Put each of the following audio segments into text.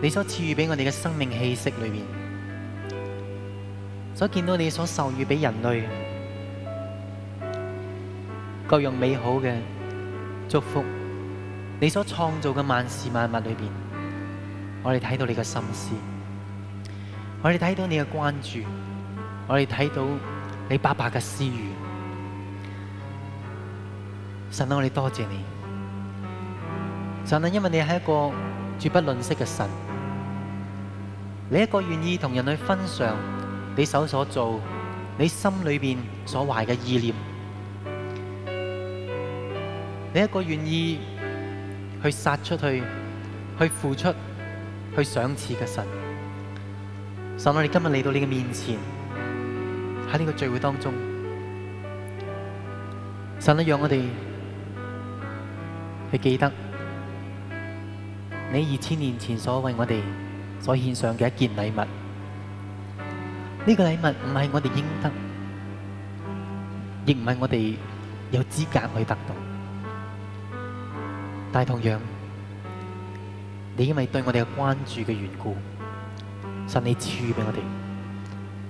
你所賜予俾我哋嘅生命氣息裏面，所見到你所授予俾人類各樣美好嘅祝福，你所創造嘅萬事萬物裏邊，我哋睇到你嘅心思，我哋睇到你嘅關注，我哋睇到你白白嘅施予。神啊，我哋多謝你。神啊，因為你係一個絕不吝嗇嘅神。你一個願意同人去分享你手所做，你心裏邊所懷嘅意念；你一個願意去殺出去，去付出，去賞賜嘅神。神，我哋今日嚟到你嘅面前，喺呢個聚會當中，神讓我哋去記得你二千年前所為我哋。所以獻上嘅一件禮物，呢個禮物唔係我哋應得，亦唔係我哋有資格去得到。但係同樣，你因為對我哋嘅關注嘅緣故，神給你賜予俾我哋，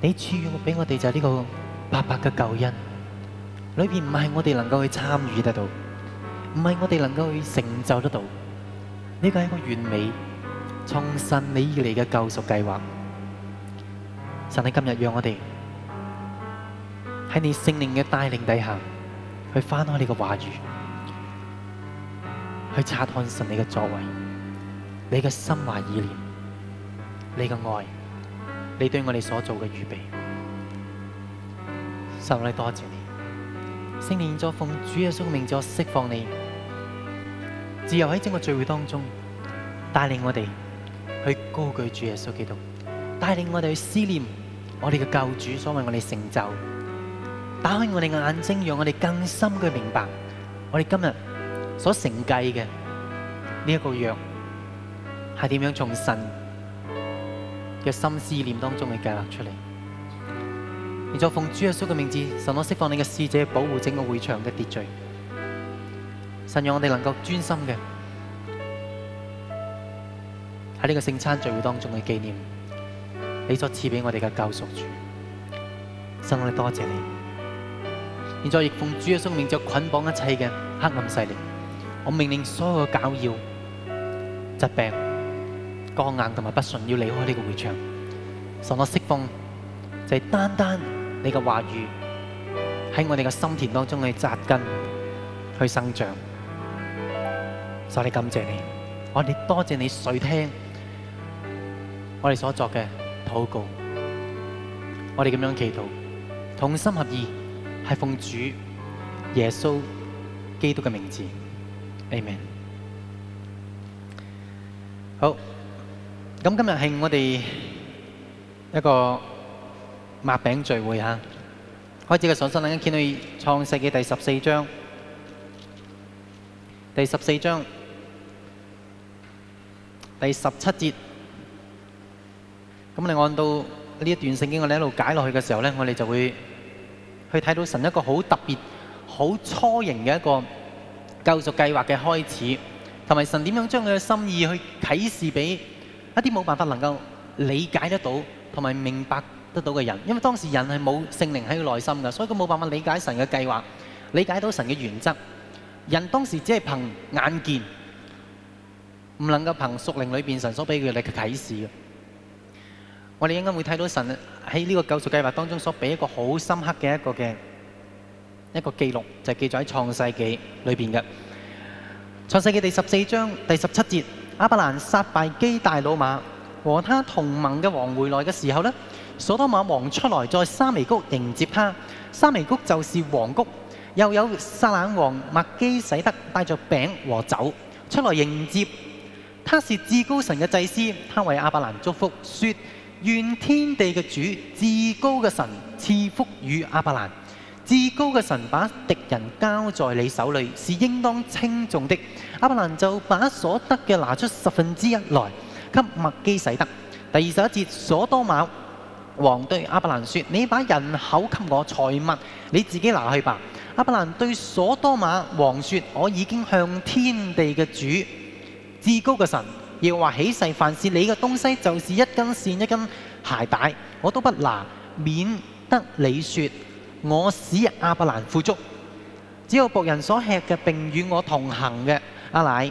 你賜予俾我哋就係呢個白白嘅救恩。裏邊唔係我哋能夠去參與得到，唔係我哋能夠去成就得到。呢個係一個完美。重信你以嚟嘅救贖計劃，神，你今日讓我哋喺你聖靈嘅帶領底下，去翻開你嘅話語，去察看神你嘅作為，你嘅心懷意念，你嘅愛，你對我哋所做嘅預備，神，我哋多謝你，聖靈咗奉主耶穌命作釋放你，自由喺整個聚會當中帶領我哋。去高舉主耶穌基督，帶領我哋去思念我哋嘅救主所為我哋成就，打開我哋嘅眼睛，讓我哋更深嘅明白，我哋今日所承繼嘅呢一個約係點樣從神嘅心思念當中嘅計劃出嚟。而作奉主耶穌嘅名字，神可釋放你嘅使者保護整個會場嘅秩序，神讓我哋能夠專心嘅。喺呢個聖餐聚會當中嘅紀念，你所賜俾我哋嘅救贖主，神，我哋多謝你。現在亦奉主嘅生命，就捆綁一切嘅黑暗勢力。我命令所有嘅攪擾、疾病、剛硬同埋不順，要離開呢個會場。受我釋放就係、是、單單你嘅話語喺我哋嘅心田當中去紮根、去生長。所以我哋感謝你，我哋多謝你垂聽。我哋所作嘅禱告，我哋咁樣祈禱，同心合意，係奉主耶穌基督嘅名字，Amen。好，咁今日係我哋一個擘餅聚會吓，開始嘅信心，我哋見到創世記第十四章，第十四章，第十七節。咁你按到呢一段聖經，我哋一路解落去嘅時候咧，我哋就會去睇到神一個好特別好雛形嘅一個救贖計劃嘅開始，同埋神點樣將佢嘅心意去啟示俾一啲冇辦法能夠理解得到同埋明白得到嘅人，因為當時人係冇聖靈喺佢內心嘅，所以佢冇辦法理解神嘅計劃，理解到神嘅原則，人當時只係憑眼見，唔能夠憑屬靈裏邊神所俾佢哋嘅啟示。我哋應該會睇到神喺呢個救贖計劃當中所俾一個好深刻嘅一個嘅一個記錄就記，就係記載喺創世紀裏邊嘅創世紀第十四章第十七節。亞伯蘭殺敗基大老馬和他同盟嘅王回來嘅時候呢，所多瑪王出來在沙彌谷迎接他。沙彌谷就是王谷，又有撒冷王麥基洗德帶着餅和酒出來迎接。他是至高神嘅祭司，他為亞伯蘭祝福，說。願天地嘅主、至高嘅神賜福與亞伯蘭。至高嘅神把敵人交在你手裏，是應當稱頌的。亞伯蘭就把所得嘅拿出十分之一來給麥基洗德。第二十一節，所多瑪王對亞伯蘭說：你把人口給我，財物，你自己拿去吧。亞伯蘭對所多瑪王說：我已經向天地嘅主、至高嘅神。又話起誓，凡事你嘅東西，就是一根線、一根鞋帶，我都不拿，免得你説我使亞伯蘭富足。只有僕人所吃嘅，並與我同行嘅阿奶，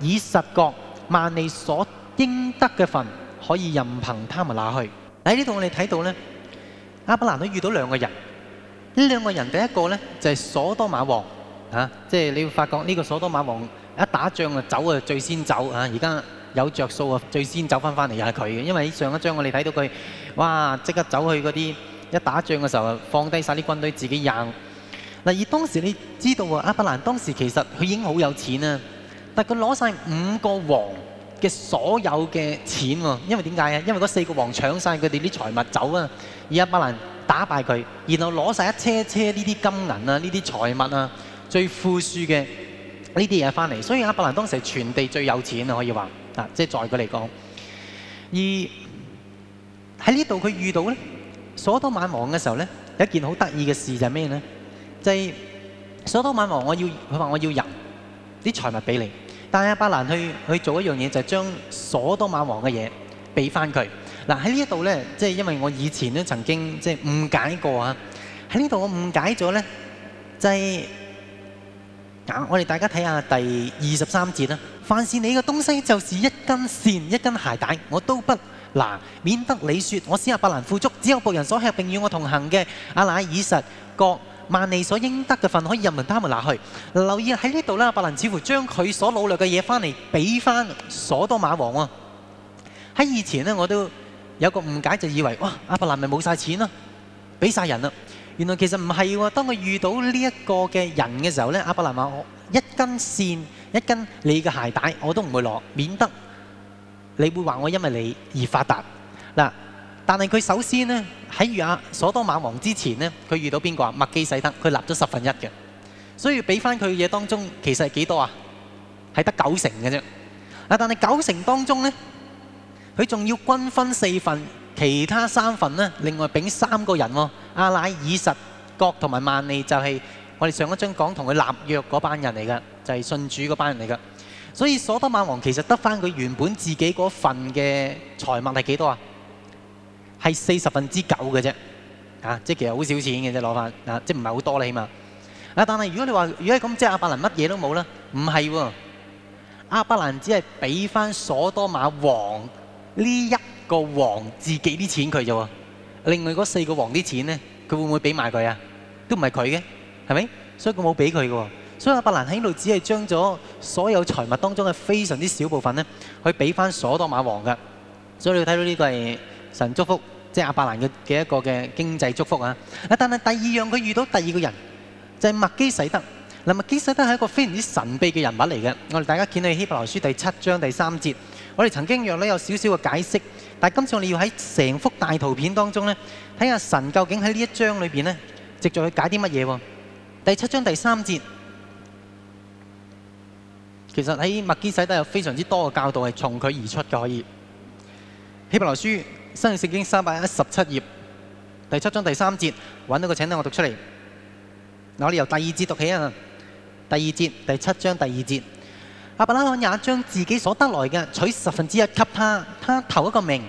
以實覺萬利所應得嘅份，可以任憑他們拿去。喺呢度我哋睇到呢，亞伯蘭都遇到兩個人。呢兩個人第一個呢，就係、是、所多馬王嚇，即、啊、係、就是、你會發覺呢個所多馬王一打仗啊走啊最先走嚇，而、啊、家。有着數啊！最先走翻翻嚟又係佢嘅，因為上一章我哋睇到佢，哇！即刻走去嗰啲一打仗嘅時候，放低晒啲軍隊自己贏。嗱而當時你知道啊，阿伯蘭當時其實佢已經好有錢啊，但佢攞晒五個王嘅所有嘅錢喎。因為點解啊？因為嗰四個王搶晒佢哋啲財物走啊，而阿伯蘭打敗佢，然後攞晒一車一車呢啲金銀啊、呢啲財物啊，最富庶嘅呢啲嘢翻嚟。所以阿伯蘭當時係全地最有錢啊，可以話。即係在佢嚟講，而喺呢度佢遇到咧，所多瑪王嘅時候咧，有一件好得意嘅事就係咩咧？就係、是、所多瑪王我要佢話我要人啲財物俾你，但係亞伯蘭去去做一樣嘢，就係將所多瑪王嘅嘢俾翻佢。嗱喺呢一度咧，即係因為我以前咧曾經即係誤解過啊。喺呢度我誤解咗咧，就係、是、我哋大家睇下第二十三節啦。凡是你嘅東西，就是一根線、一根鞋帶，我都不拿，免得你説我使亞伯蘭富足，只有僕人所吃並與我同行嘅亞乃、以實各、幔利所應得嘅份，可以任憑他們拿去。留意喺呢度咧，亞伯蘭似乎將佢所擄嚟嘅嘢翻嚟俾翻所多瑪王啊。喺以前呢，我都有個誤解，就以為哇，亞伯蘭咪冇晒錢咯，俾晒人啦。原來其實唔係喎，當佢遇到呢一個嘅人嘅時候呢，亞伯蘭話我一根線。一根你嘅鞋帶，我都唔會攞，免得你會話我因為你而發達嗱。但係佢首先咧，喺遇阿索多馬王之前咧，佢遇到邊個啊？麥基洗德，佢立咗十分一嘅，所以俾翻佢嘅嘢當中，其實係幾多啊？係得九成嘅啫。啊，但係九成當中咧，佢仲要均分四份，其他三份咧，另外畀三個人喎，阿乃爾實國同埋曼利就係我哋上一張講同佢立約嗰班人嚟嘅。就係信主嗰班人嚟㗎，所以所多瑪王其實得翻佢原本自己嗰份嘅財物係幾多啊？係四十分之九嘅啫，啊，即係其實好少錢嘅啫，攞翻啊，即係唔係好多啦，起碼啊，但係如果你話如果係咁，即係阿伯蘭乜嘢都冇啦，唔係喎，阿伯蘭只係俾翻所多瑪王呢一個王自己啲錢佢啫喎，另外嗰四個王啲錢咧，佢會唔會俾埋佢啊？都唔係佢嘅，係咪？所以佢冇俾佢嘅喎。所以阿伯蘭喺度只係將咗所有財物當中嘅非常之少部分呢，去俾翻所多瑪王嘅。所以你睇到呢個係神祝福，即係阿伯蘭嘅嘅一個嘅經濟祝福啊！啊，但係第二樣佢遇到第二個人就係麥基洗德。嗱，麥基洗德係一個非常之神秘嘅人物嚟嘅。我哋大家見到希伯來書第七章第三節，我哋曾經若呢有少少嘅解釋，但係今次我哋要喺成幅大圖片當中呢，睇下神究竟喺呢一章裏邊呢，繼續去解啲乜嘢？第七章第三節。其實喺麥基洗德有非常之多嘅教導係從佢而出嘅，可以希伯來書新約聖經三百一十七頁第七章第三節揾到個，請等我讀出嚟。嗱，我哋由第二節讀起啊，第二節，第七章第二節，亞伯拉罕也將自己所得來嘅取十分之一給他，他頭一個名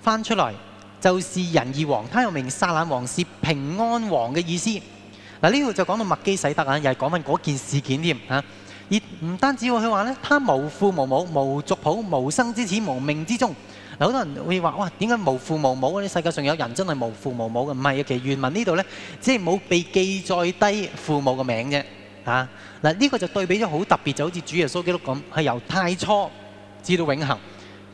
翻出來就是仁義王，他又名撒冷王，是平安王嘅意思。嗱，呢度就講到麥基洗德啊，又係講緊嗰件事件添嚇。而唔單止喎，會去話咧，他無父無母、無族譜、無生之始、無命之中。嗱，好多人會話：哇，點解無父無母？嗰世界上有人真係無父無母嘅？唔係啊，其實原文呢度咧，即係冇被記載低父母嘅名啫。嚇、啊，嗱、這、呢個就對比咗好特別，就好似主耶穌基督咁，係由太初至到永恆，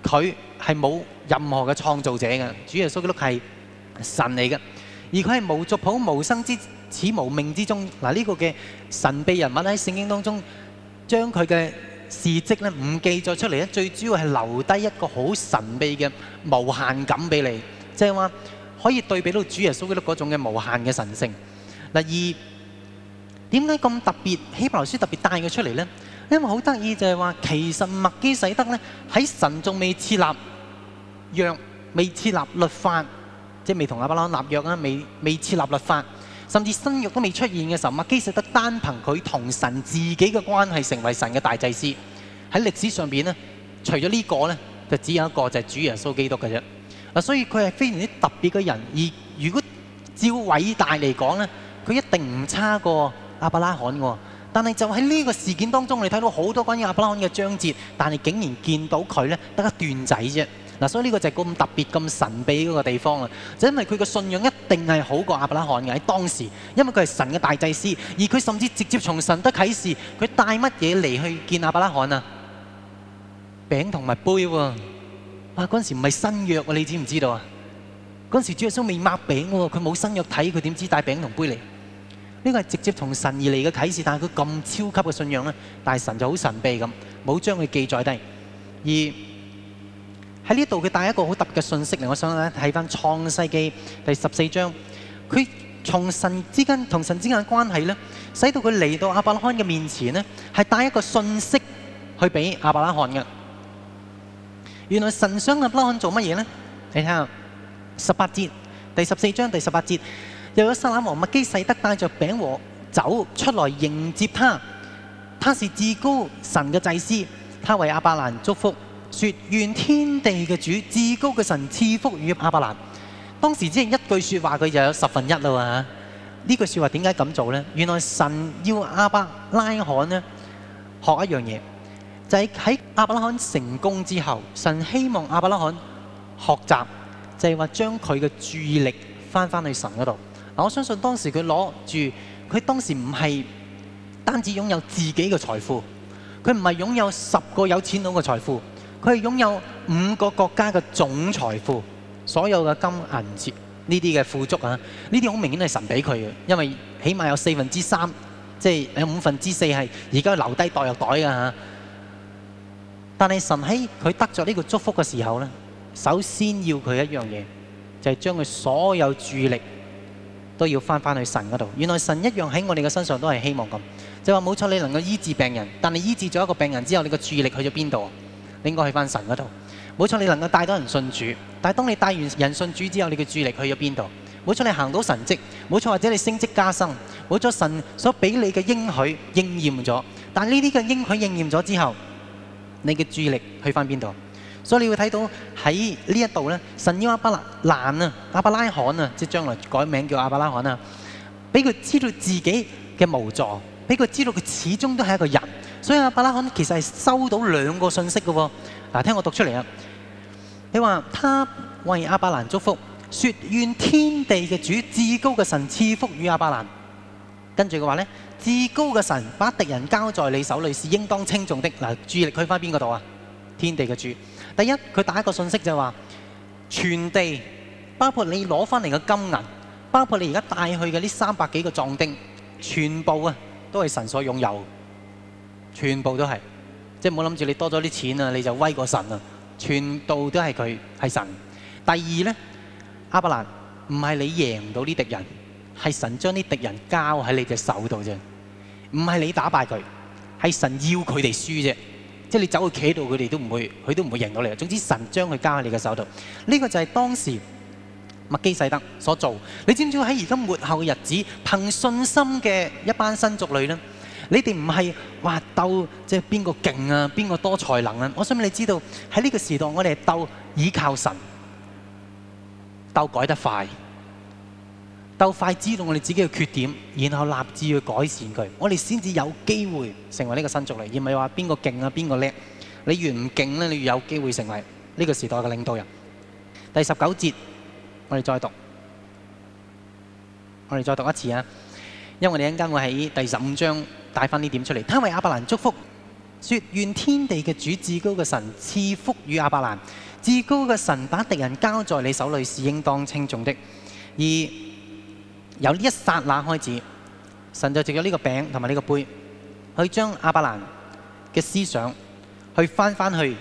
佢係冇任何嘅創造者嘅。主耶穌基督係神嚟嘅，而佢係無族譜、無生之始、無命之中。嗱、這、呢個嘅神秘人物喺聖經當中。將佢嘅事蹟咧唔記載出嚟咧，最主要係留低一個好神秘嘅無限感俾你，即係話可以對比到主耶穌基督嗰種嘅無限嘅神性。嗱，而點解咁特別？希伯來書特別帶佢出嚟咧，因為好得意就係話，其實麥基洗德咧喺神仲未設立約，未設立律法，即係未同亞伯拉罕立約啊，未未設立律法。甚至新約都未出現嘅時候，麥基洗德單憑佢同神自己嘅關係成為神嘅大祭司。喺歷史上邊呢，除咗呢、這個呢，就只有一個就係主耶穌基督嘅啫。嗱，所以佢係非常之特別嘅人。而如果照偉大嚟講呢，佢一定唔差過亞伯拉罕㗎。但係就喺呢個事件當中，我哋睇到好多關於亞伯拉罕嘅章節，但係竟然見到佢呢得一段仔啫。嗱，所以呢個就係個咁特別、咁神秘嗰個地方啦。就因為佢嘅信仰一定係好過亞伯拉罕嘅喺當時，因為佢係神嘅大祭司，而佢甚至直接從神得啟示。佢帶乜嘢嚟去見亞伯拉罕啊？餅同埋杯喎。哇，嗰陣時唔係新約啊，你知唔知道啊？嗰陣時主耶穌未擘餅喎，佢冇新約睇，佢點知帶餅同杯嚟？呢個係直接從神而嚟嘅啟示，但係佢咁超級嘅信仰咧，但係神就好神秘咁，冇將佢記載低。而喺呢度佢帶一個好特別嘅信息嚟，我想睇翻創世記第十四章，佢從神之間同神之間嘅關係咧，使到佢嚟到亞伯拉罕嘅面前咧，係帶一個信息去俾亞伯拉罕嘅。原來神想亞伯拉罕做乜嘢咧？你睇下十八節第十四章第十八節，又有沙拿王麥基洗德帶着餅和酒出來迎接他，他是至高神嘅祭司，他為亞伯蘭祝福。說願天地嘅主至高嘅神賜福與阿伯蘭。當時只係一句說話，佢就有十分一啦。呢句說話點解咁做呢？原來神要阿伯拉罕呢學一樣嘢，就係喺阿伯拉罕成功之後，神希望阿伯拉罕學習，就係、是、話將佢嘅注意力翻翻去神嗰度嗱。我相信當時佢攞住佢當時唔係單止擁有自己嘅財富，佢唔係擁有十個有錢佬嘅財富。佢係擁有五個國家嘅總財富，所有嘅金銀字呢啲嘅富足啊，呢啲好明顯都係神俾佢嘅，因為起碼有四分之三，即係有五分之四係而家留低袋入袋嘅嚇。但係神喺佢得咗呢個祝福嘅時候咧，首先要佢一樣嘢，就係、是、將佢所有注意力都要翻返去神嗰度。原來神一樣喺我哋嘅身上都係希望咁，就話冇錯，你能夠醫治病人，但係醫治咗一個病人之後，你個注意力去咗邊度？你應該去翻神嗰度，冇錯，你能夠帶到人信主，但係當你帶完人信主之後，你嘅注意力去咗邊度？冇錯，你行到神蹟，冇錯，或者你升職加薪，冇錯，神所俾你嘅應許應驗咗。但係呢啲嘅應許應驗咗之後，你嘅注意力去翻邊度？所以你會睇到喺呢一度咧，神要亞伯蘭啊，亞伯拉罕啊，即係將來改名叫亞伯拉罕啊，俾佢知道自己嘅無助。俾佢知道，佢始終都係一個人。所以亞伯拉罕其實係收到兩個信息嘅。嗱，聽我讀出嚟啊。你話他為亞伯蘭祝福，說願天地嘅主、至高嘅神賜福與亞伯蘭。跟住嘅話呢，至高嘅神把敵人交在你手裏是應當稱重的。嗱，注意力去翻邊個度啊？天地嘅主，第一佢打一個信息就係話，全地包括你攞翻嚟嘅金銀，包括你而家帶去嘅呢三百幾個壯丁，全部啊！都係神所擁有，全部都係，即係冇諗住你多咗啲錢啊，你就威過神啊！全部都係佢係神。第二咧，亞伯蘭唔係你贏到啲敵人，係神將啲敵人交喺你隻手度啫，唔係你打敗佢，係神要佢哋輸啫。即係你走去企喺度，佢哋都唔會，佢都唔會贏到你。總之神將佢交喺你嘅手度，呢、這個就係當時，基洗德所做，你知唔知喺而家末後嘅日子，憑信心嘅一班新族類呢？你哋唔係話鬥即係邊個勁啊，邊個多才能啊？我想畀你知道喺呢個時代，我哋係鬥倚靠神，鬥改得快，鬥快知道我哋自己嘅缺點，然後立志去改善佢，我哋先至有機會成為呢個新族類，而唔係話邊個勁啊，邊個叻？你越唔勁呢，你越有機會成為呢個時代嘅領導人。第十九節。我哋再讀，我哋再讀一次啊！因為我哋一陣間會喺第十五章帶翻呢點出嚟。他為亞伯蘭祝福說：願天地嘅主至高嘅神賜福與亞伯蘭。至高嘅神把敵人交在你手裏是應當稱頌的。而由呢一剎那開始，神就借咗呢個餅同埋呢個杯，去將亞伯蘭嘅思想去翻翻去。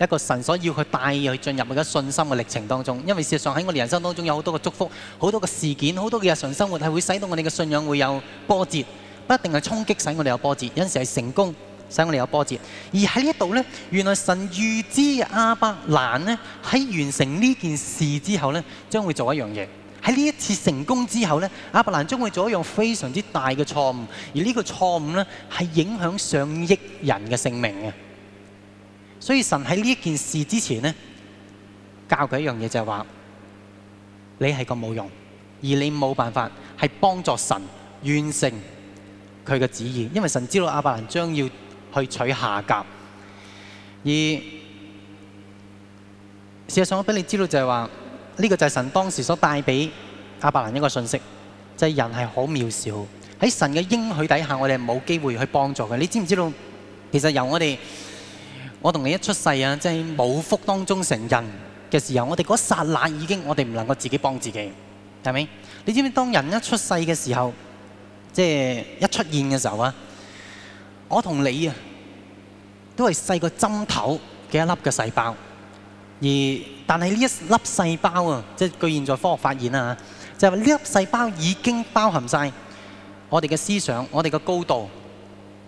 一個神所要去帶佢進入佢嘅信心嘅歷程當中，因為事實上喺我哋人生當中有好多嘅祝福，好多嘅事件，好多嘅日常生活係會使到我哋嘅信仰會有波折，不一定係衝擊使我哋有波折，有陣時係成功使我哋有波折。而喺呢度呢，原來神預知亞伯蘭呢喺完成呢件事之後呢將會做一樣嘢。喺呢一次成功之後呢，亞伯蘭將會做一樣非常之大嘅錯誤，而呢個錯誤呢係影響上億人嘅性命嘅。所以神喺呢一件事之前咧，教佢一樣嘢就係話，你係個冇用，而你冇辦法係幫助神完成佢嘅旨意。因為神知道亞伯蘭將要去娶夏甲，而事實上我俾你知道就係話，呢個就係神當時所帶俾亞伯蘭一個信息，就係人係好渺小喺神嘅應許底下，我哋冇機會去幫助佢。你知唔知道？其實由我哋我同你一出世啊，即係母腹當中成人嘅時候，我哋嗰剎那已經，我哋唔能夠自己幫自己，係咪？你知唔知當人一出世嘅時候，即係一出現嘅時候啊，我同你啊，都係細過針頭嘅一粒嘅細胞，而但係呢一粒細胞啊，即係據現在科學發現啊，就係呢粒細胞已經包含晒我哋嘅思想、我哋嘅高度、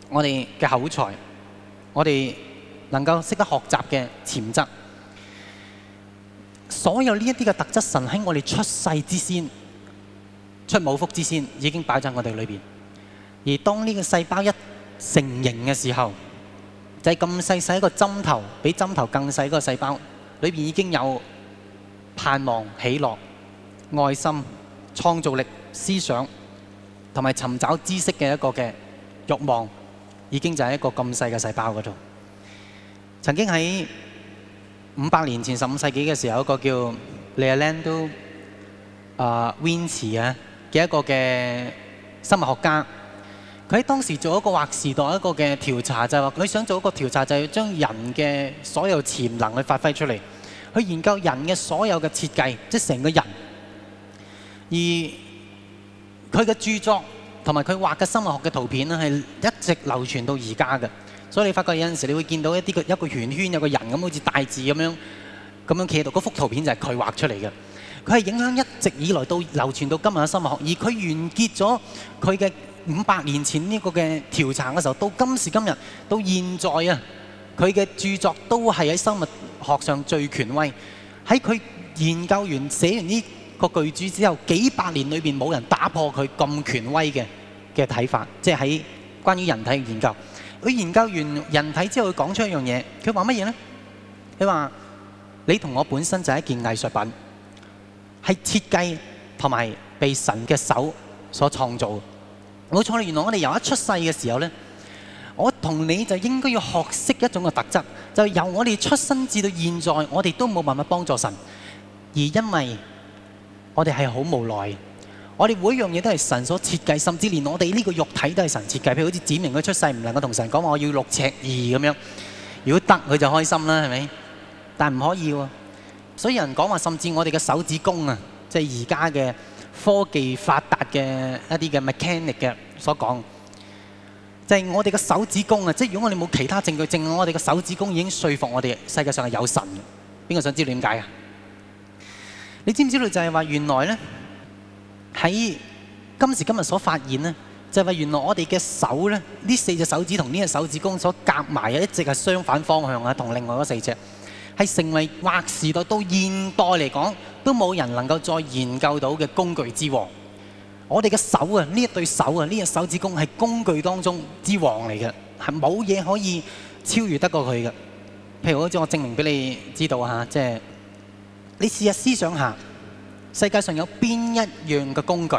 我哋嘅口才、我哋能夠識得學習嘅潛質，所有呢一啲嘅特質神喺我哋出世之先、出母腹之先已經擺在我哋裏邊。而當呢個細胞一成形嘅時候，就係咁細細一個針頭，比針頭更細個細胞裏邊已經有盼望、喜樂、愛心、創造力、思想同埋尋找知識嘅一個嘅慾望，已經就喺一個咁細嘅細胞嗰度。曾經喺五百年前十五世紀嘅時候，一個叫 Leonardo 啊 Vinci 啊嘅一個嘅生物學家，佢喺當時做一個劃時代的一個嘅調查，就係話佢想做一個調查，就係將人嘅所有潛能去發揮出嚟，去研究人嘅所有嘅設計，即係成個人。而佢嘅著作同埋佢畫嘅生物學嘅圖片呢係一直流傳到而家嘅。所以你發覺有陣時，你會見到一啲個一個圓圈有個人咁，好似大字咁樣咁樣企喺度。嗰幅圖片就係佢畫出嚟嘅。佢係影響一直以來到流傳到今日嘅生物學，而佢完結咗佢嘅五百年前呢個嘅調查嘅時候，到今時今日，到現在啊，佢嘅著作都係喺生物學上最權威。喺佢研究完寫完呢個巨著之後，幾百年裏邊冇人打破佢咁權威嘅嘅睇法，即係喺關於人體嘅研究。佢研究完人體之後，佢講出一樣嘢，佢話乜嘢咧？佢話你同我本身就係一件藝術品，係設計同埋被神嘅手所創造嘅。冇錯，原來我哋由一出世嘅時候咧，我同你就應該要學識一種嘅特質，就由我哋出生至到現在，我哋都冇辦法幫助神，而因為我哋係好無奈。我哋每樣嘢都係神所設計，甚至連我哋呢個肉體都係神設計。譬如好似子明佢出世唔能夠同神講話，我要六尺二咁樣。如果得佢就開心啦，係咪？但唔可以喎。所以有人講話，甚至我哋嘅手指公啊，即係而家嘅科技發達嘅一啲嘅 mechanic 嘅所講，就係、是、我哋嘅手指公啊。即係如果我哋冇其他證據，淨我哋嘅手指公已經説服我哋世界上係有神。邊個想知道點解啊？你知唔知道就係話原來咧？喺今時今日所發現呢就係、是、原來我哋嘅手咧，呢四隻手指同呢隻手指公所夾埋嘅一直係相反方向啊，同另外嗰四隻，係成為劃時代到現代嚟講，都冇人能夠再研究到嘅工具之王。我哋嘅手啊，呢一對手啊，呢隻手指公係工具當中之王嚟嘅，係冇嘢可以超越得過佢嘅。譬如我將我證明俾你知道吓，即、就、係、是、你試下思想下。世界上有邊一樣嘅工具？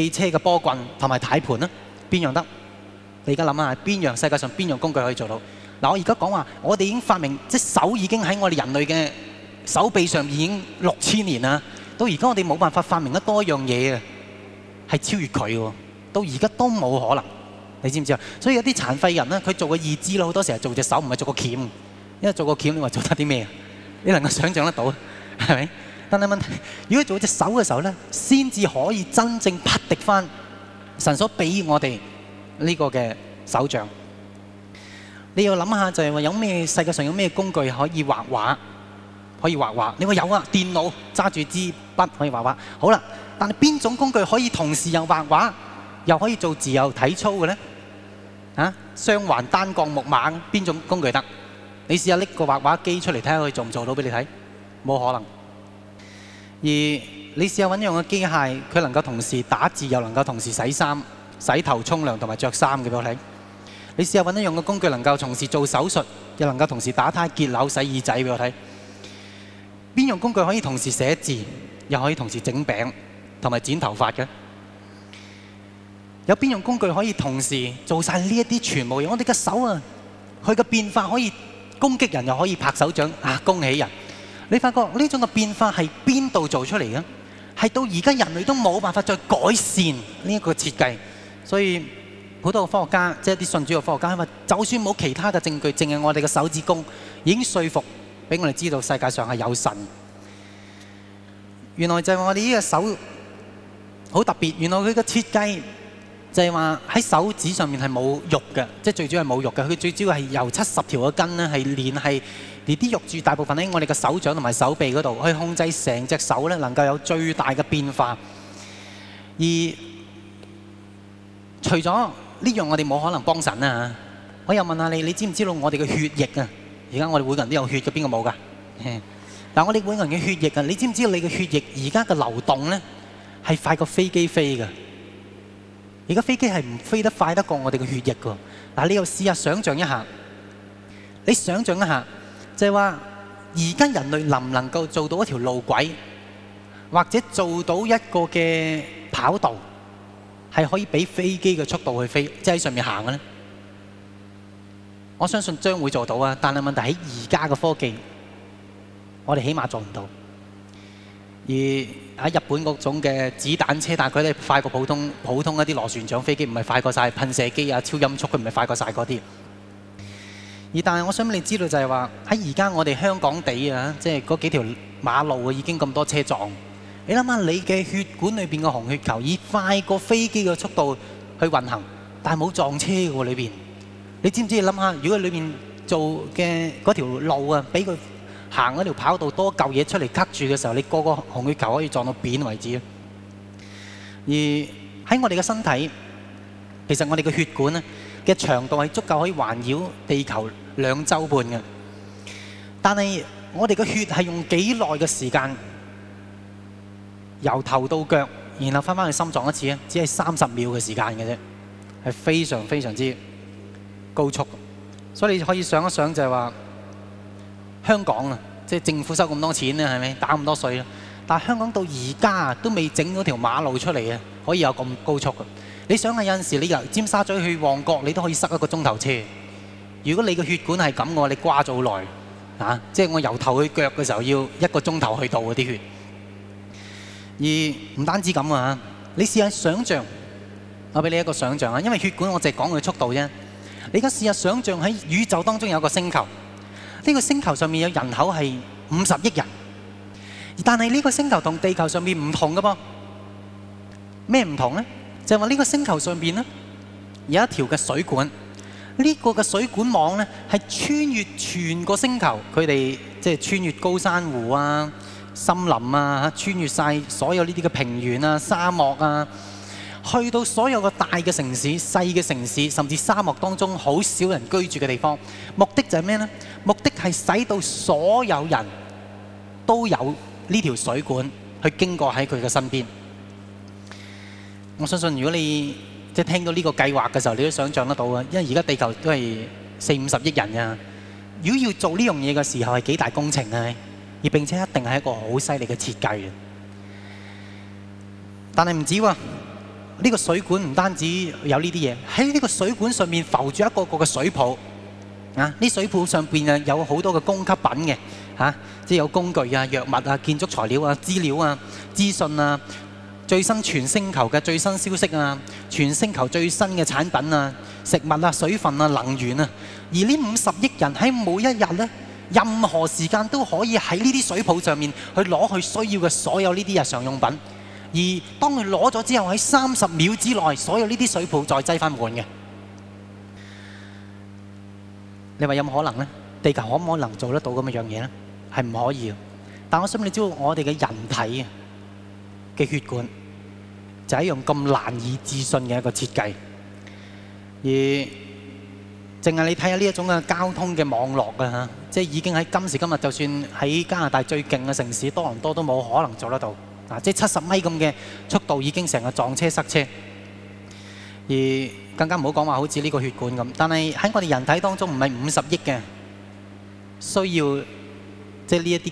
汽車嘅波棍同埋軚盤咧，邊樣得？你而家諗下，邊樣世界上邊樣工具可以做到？嗱，我而家講話，我哋已經發明隻手已經喺我哋人類嘅手臂上面已經六千年啦。到而家我哋冇辦法發明得多樣嘢啊，係超越佢喎。到而家都冇可能，你知唔知啊？所以有啲殘廢人咧，佢做個義肢啦，好多時候做隻手唔係做個鉗，因為做個鉗你話做得啲咩啊？你能夠想像得到啊？係咪？但係問題，如果做隻手嘅時候咧，先至可以真正匹敵翻神所俾我哋呢個嘅手掌。你要諗下就係話，有咩世界上有咩工具可以畫畫？可以畫畫？你話有啊，電腦揸住支筆可以畫畫。好啦，但係邊種工具可以同時又畫畫又可以做自由體操嘅咧？啊，雙環、單槓、木馬，邊種工具得？你試下拎個畫畫機出嚟睇下，佢做唔做到俾你睇？冇可能。而你試下揾一樣嘅機械，佢能夠同時打字又能夠同時洗衫、洗頭、沖涼同埋著衫嘅，俾我睇。你試下揾一樣嘅工具能夠同時做手術又能夠同時打呔、結紐、洗耳仔，俾我睇。邊樣工具可以同時寫字又可以同時整餅同埋剪頭髮嘅？有邊樣工具可以同時做曬呢一啲全部嘢？我哋嘅手啊，佢嘅變化可以攻擊人又可以拍手掌啊，恭喜人！你發覺呢種嘅變化係邊度做出嚟嘅？係到而家人類都冇辦法再改善呢一個設計，所以好多個科學家，即係啲信主嘅科學家，佢話就算冇其他嘅證據，淨係我哋嘅手指公已經説服俾我哋知道世界上係有神。原來就係我哋呢個手好特別，原來佢嘅設計就係話喺手指上面係冇肉嘅，即係最主要係冇肉嘅。佢最主要係由七十條嘅筋呢係連係。而啲肉住大部分喺我哋嘅手掌同埋手臂嗰度，去控制成隻手咧，能夠有最大嘅變化。而除咗呢樣，我哋冇可能幫神啊。我又問下你，你知唔知道我哋嘅血液啊？而家我哋每個人都有血嘅，邊個冇噶？嗱，但我哋每個人嘅血液啊，你知唔知道你嘅血液而家嘅流動咧，係快過飛機飛嘅。而家飛機係唔飛得快得過我哋嘅血液㗎。嗱，你又試下想象一下，你想象一下。即係話，而家人類能唔能夠做到一條路軌，或者做到一個嘅跑道，係可以畀飛機嘅速度去飛，即係喺上面行嘅咧？我相信將會做到啊！但係問題喺而家嘅科技，我哋起碼做唔到。而喺日本嗰種嘅子彈車，但係佢哋快過普通普通一啲螺旋槳飛機，唔係快過晒噴射機啊、超音速不是，佢唔係快過晒嗰啲。而但係，我想俾你知道就係話喺而家我哋香港地啊，即係嗰幾條馬路啊，已經咁多車撞。你諗下，你嘅血管裏邊嘅紅血球以快過飛機嘅速度去運行，但係冇撞車嘅喎裏邊。你知唔知？你諗下，如果裏邊做嘅嗰條路啊，俾佢行嗰條跑道多嚿嘢出嚟磕住嘅時候，你個個紅血球可以撞到扁為止。啊。而喺我哋嘅身體，其實我哋嘅血管咧。嘅長度係足夠可以環繞地球兩週半嘅，但係我哋嘅血係用幾耐嘅時間由頭到腳，然後翻返去心臟一次咧，只係三十秒嘅時間嘅啫，係非常非常之高速。所以你可以想一想就係話香港啊，即係政府收咁多錢咧，係咪打咁多稅咧？但係香港到而家啊，都未整到條馬路出嚟啊，可以有咁高速嘅。你想下有陣時，你由尖沙咀去旺角，你都可以塞一個鐘頭車。如果你個血管係咁嘅話，你掛咗好耐啊，即係我由頭去腳嘅時候要一個鐘頭去到嗰啲血。而唔單止咁啊，你試下想像，我俾你一個想像啊，因為血管我淨係講佢速度啫。你而家試下想像喺宇宙當中有個星球，呢個星球上面有人口係五十億人，但係呢個星球同地球上面唔同㗎噃，咩唔同咧？就係話呢個星球上邊呢，有一條嘅水管，呢個嘅水管網呢，係穿越全個星球，佢哋即係穿越高山湖啊、森林啊，穿越晒所有呢啲嘅平原啊、沙漠啊，去到所有嘅大嘅城市、細嘅城市，甚至沙漠當中好少人居住嘅地方，目的就係咩呢？目的係使到所有人都有呢條水管去經過喺佢嘅身邊。我相信如果你即聽到呢個計劃嘅時候，你都想象得到啊！因為而家地球都係四五十億人啊。如果要做呢樣嘢嘅時候，係幾大工程啊！而並且一定係一個好犀利嘅設計。但係唔止喎，呢、這個水管唔單止有呢啲嘢，喺呢個水管上面浮住一個個嘅水泡啊！呢水泡上邊啊有好多嘅供給品嘅吓、啊，即係有工具啊、藥物啊、建築材料啊、資料啊、資訊啊。最新全星球嘅最新消息啊，全星球最新嘅產品啊，食物啊、水分啊、能源啊，而呢五十億人喺每一日咧，任何時間都可以喺呢啲水泡上面去攞佢需要嘅所有呢啲日常用品。而當佢攞咗之後喺三十秒之內所有呢啲水泡再擠翻滿嘅。你話有冇可能咧？地球可唔可能做得到咁嘅樣嘢咧？係唔可以。但我想問你，知道我哋嘅人體啊？嘅血管就係一樣咁難以置信嘅一個設計，而淨係你睇下呢一種嘅交通嘅網絡啊，嚇，即係已經喺今時今日，就算喺加拿大最勁嘅城市多倫多都冇可能做得到啊！即係七十米咁嘅速度已經成日撞車塞車，而更加唔好講話好似呢個血管咁。但係喺我哋人體當中唔係五十億嘅需要，即係呢一啲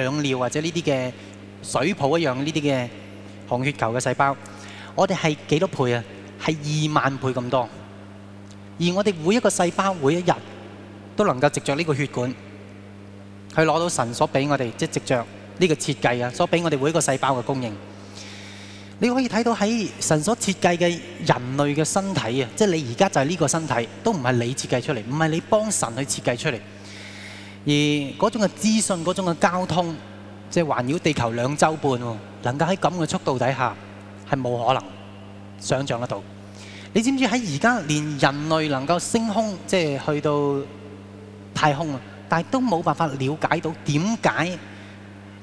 嘅養料或者呢啲嘅。水泡一樣呢啲嘅紅血球嘅細胞，我哋係幾多倍啊？係二萬倍咁多。而我哋每一個細胞，每一日都能夠藉着呢個血管去攞到神所俾我哋，即係藉著呢個設計啊，所俾我哋每一個細胞嘅供應。你可以睇到喺神所設計嘅人類嘅身體啊，即係你而家就係呢個身體，都唔係你設計出嚟，唔係你幫神去設計出嚟。而嗰種嘅資訊，嗰種嘅交通。即係環繞地球兩週半，能夠喺噉嘅速度底下係冇可能想像得到。你知唔知喺而家連人類能夠升空，即去到太空，但係都冇辦法了解到點解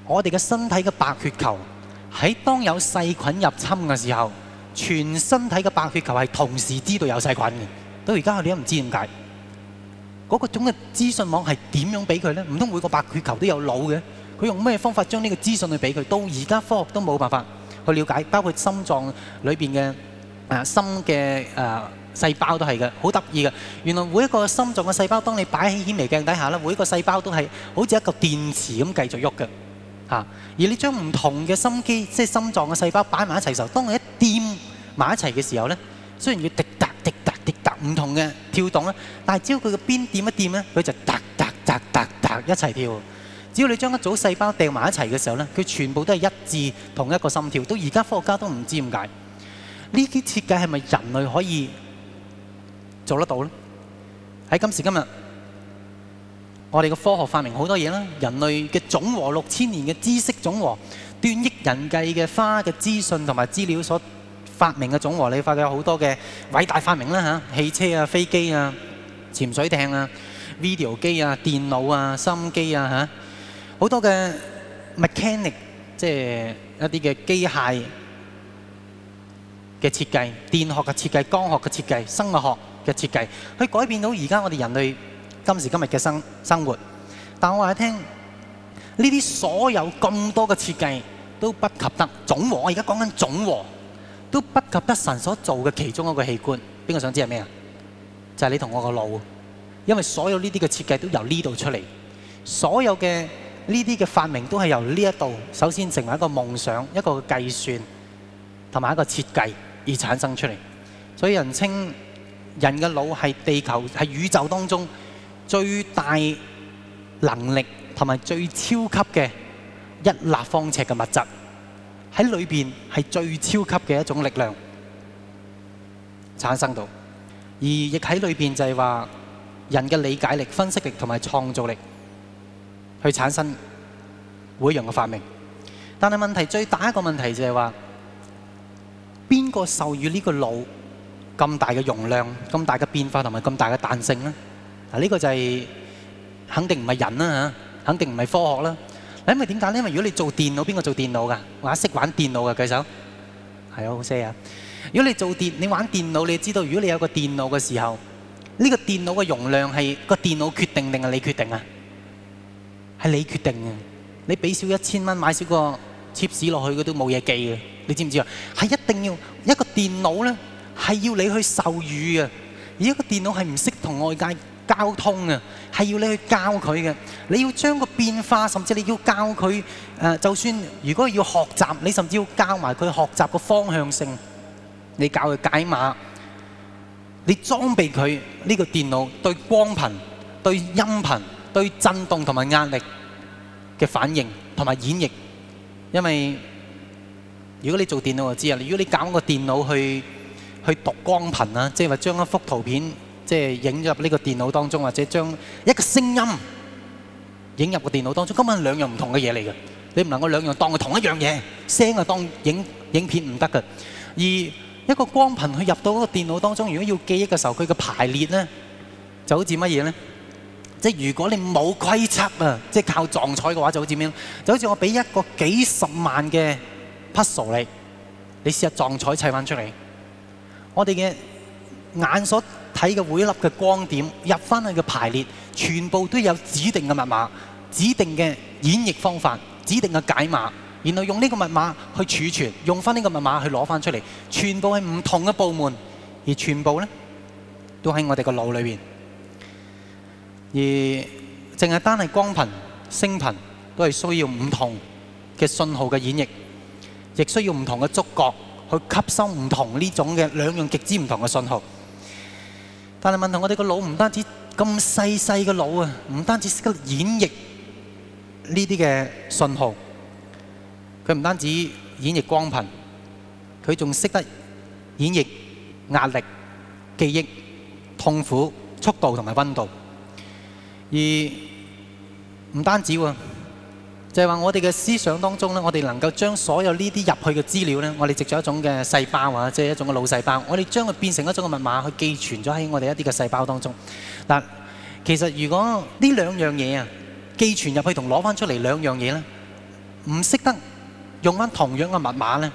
我哋嘅身體嘅白血球喺當有細菌入侵嘅時候，全身體嘅白血球係同時知道有細菌嘅。到而家你都唔知點解嗰個種嘅資訊網係點樣俾佢呢？唔通每個白血球都有腦嘅？佢用咩方法將呢個資訊去俾佢？到而家科學都冇辦法去了解，包括心臟裏邊嘅誒心嘅誒細胞都係嘅，好得意嘅。原來每一個心臟嘅細胞，當你擺喺顯微鏡底下咧，每一個細胞都係好似一個電池咁繼續喐嘅嚇。而你將唔同嘅心肌，即係心臟嘅細胞擺埋一齊嘅時候，當你一掂埋一齊嘅時候咧，雖然要滴答滴答滴答唔同嘅跳動咧，但係只要佢嘅邊掂一掂咧，佢就嗒嗒嗒嗒嗒一齊跳。只要你將一組細胞掟埋一齊嘅時候呢，佢全部都係一致，同一個心跳。到而家科學家都唔知點解，呢啲設計係咪人類可以做得到呢？喺今時今日，我哋嘅科學發明好多嘢啦，人類嘅總和六千年嘅知識總和，端億人計嘅花嘅資訊同埋資料所發明嘅總和，你發覺有好多嘅偉大發明啦嚇，汽車啊、飛機啊、潛水艇啊、video 機啊、電腦啊、心機啊嚇。好多嘅 mechanic，即係一啲嘅機械嘅設計、電學嘅設計、光學嘅設計、生物學嘅設計，去改變到而家我哋人類今時今日嘅生生活。但係我話你聽，呢啲所有咁多嘅設計都不及得總和。我而家講緊總和都不及得神所做嘅其中一個器官。邊個想知係咩啊？就係、是、你同我個腦，因為所有呢啲嘅設計都由呢度出嚟，所有嘅。呢啲嘅發明都係由呢一度首先成為一個夢想、一個計算同埋一個設計而產生出嚟。所以人稱人嘅腦係地球，係宇宙當中最大能力同埋最超級嘅一立方尺嘅物質，喺裏面係最超級嘅一種力量產生到，而亦喺裏邊就係話人嘅理解力、分析力同埋創造力。去產生每樣嘅發明，但係問題最大一個問題就係話，邊個授予呢個腦咁大嘅容量、咁大嘅變化同埋咁大嘅彈性咧？嗱、啊，呢、這個就係肯定唔係人啦、啊、嚇，肯定唔係科學啦、啊。因、啊、為點解咧？因為如果你做電腦，邊個做電腦噶？玩、啊、識玩電腦嘅舉手，係啊，好犀啊！如果你做電，你玩電腦，你知道如果你有一個電腦嘅時候，呢、這個電腦嘅容量係個電腦決定定係你決定啊？係你決定嘅，你俾少一千蚊買少個貼紙落去，佢都冇嘢寄嘅，你知唔知啊？係一定要一個電腦咧，係要你去授語嘅，而一個電腦係唔識同外界交通嘅，係要你去教佢嘅。你要將個變化，甚至你要教佢誒，就算如果要學習，你甚至要教埋佢學習個方向性。你教佢解碼，你裝備佢呢個電腦對光頻、對音頻。對震動同埋壓力嘅反應同埋演繹，因為如果你做電腦就知啦，如果你搞個電腦去去讀光頻啊，即係話將一幅圖片即係影入呢個電腦當中，或者將一個聲音影入個電腦當中，根本兩樣唔同嘅嘢嚟嘅，你唔能夠兩樣當佢同一樣嘢，聲啊當影影片唔得㗎，而一個光頻去入到個電腦當中，如果要記憶嘅時候，佢嘅排列咧就好似乜嘢咧？即係如果你冇規則啊，即係靠撞彩嘅話，就好似咩？就好似我俾一個幾十萬嘅 puzzle 你，你試下撞彩砌翻出嚟。我哋嘅眼所睇嘅每一粒嘅光點入翻去嘅排列，全部都有指定嘅密碼、指定嘅演繹方法、指定嘅解碼，然後用呢個密碼去儲存，用翻呢個密碼去攞翻出嚟，全部喺唔同嘅部門，而全部咧都喺我哋個腦裏邊。而淨係單係光頻、聲頻都係需要唔同嘅信號嘅演繹，亦需要唔同嘅觸覺去吸收唔同呢種嘅兩樣極之唔同嘅信號。但係問題，我哋個腦唔單止咁細細個腦啊，唔單止識得演繹呢啲嘅信號，佢唔單止演繹光頻，佢仲識得演繹壓力、記憶、痛苦、速度同埋溫度。而唔單止喎，就係話我哋嘅思想當中咧，我哋能夠將所有呢啲入去嘅資料咧，我哋植咗一種嘅細胞啊，即係一種嘅腦細胞，我哋將佢變成一種嘅密碼去寄存咗喺我哋一啲嘅細胞當中。嗱，其實如果呢兩樣嘢啊，寄存入去同攞翻出嚟兩樣嘢咧，唔識得用翻同樣嘅密碼咧，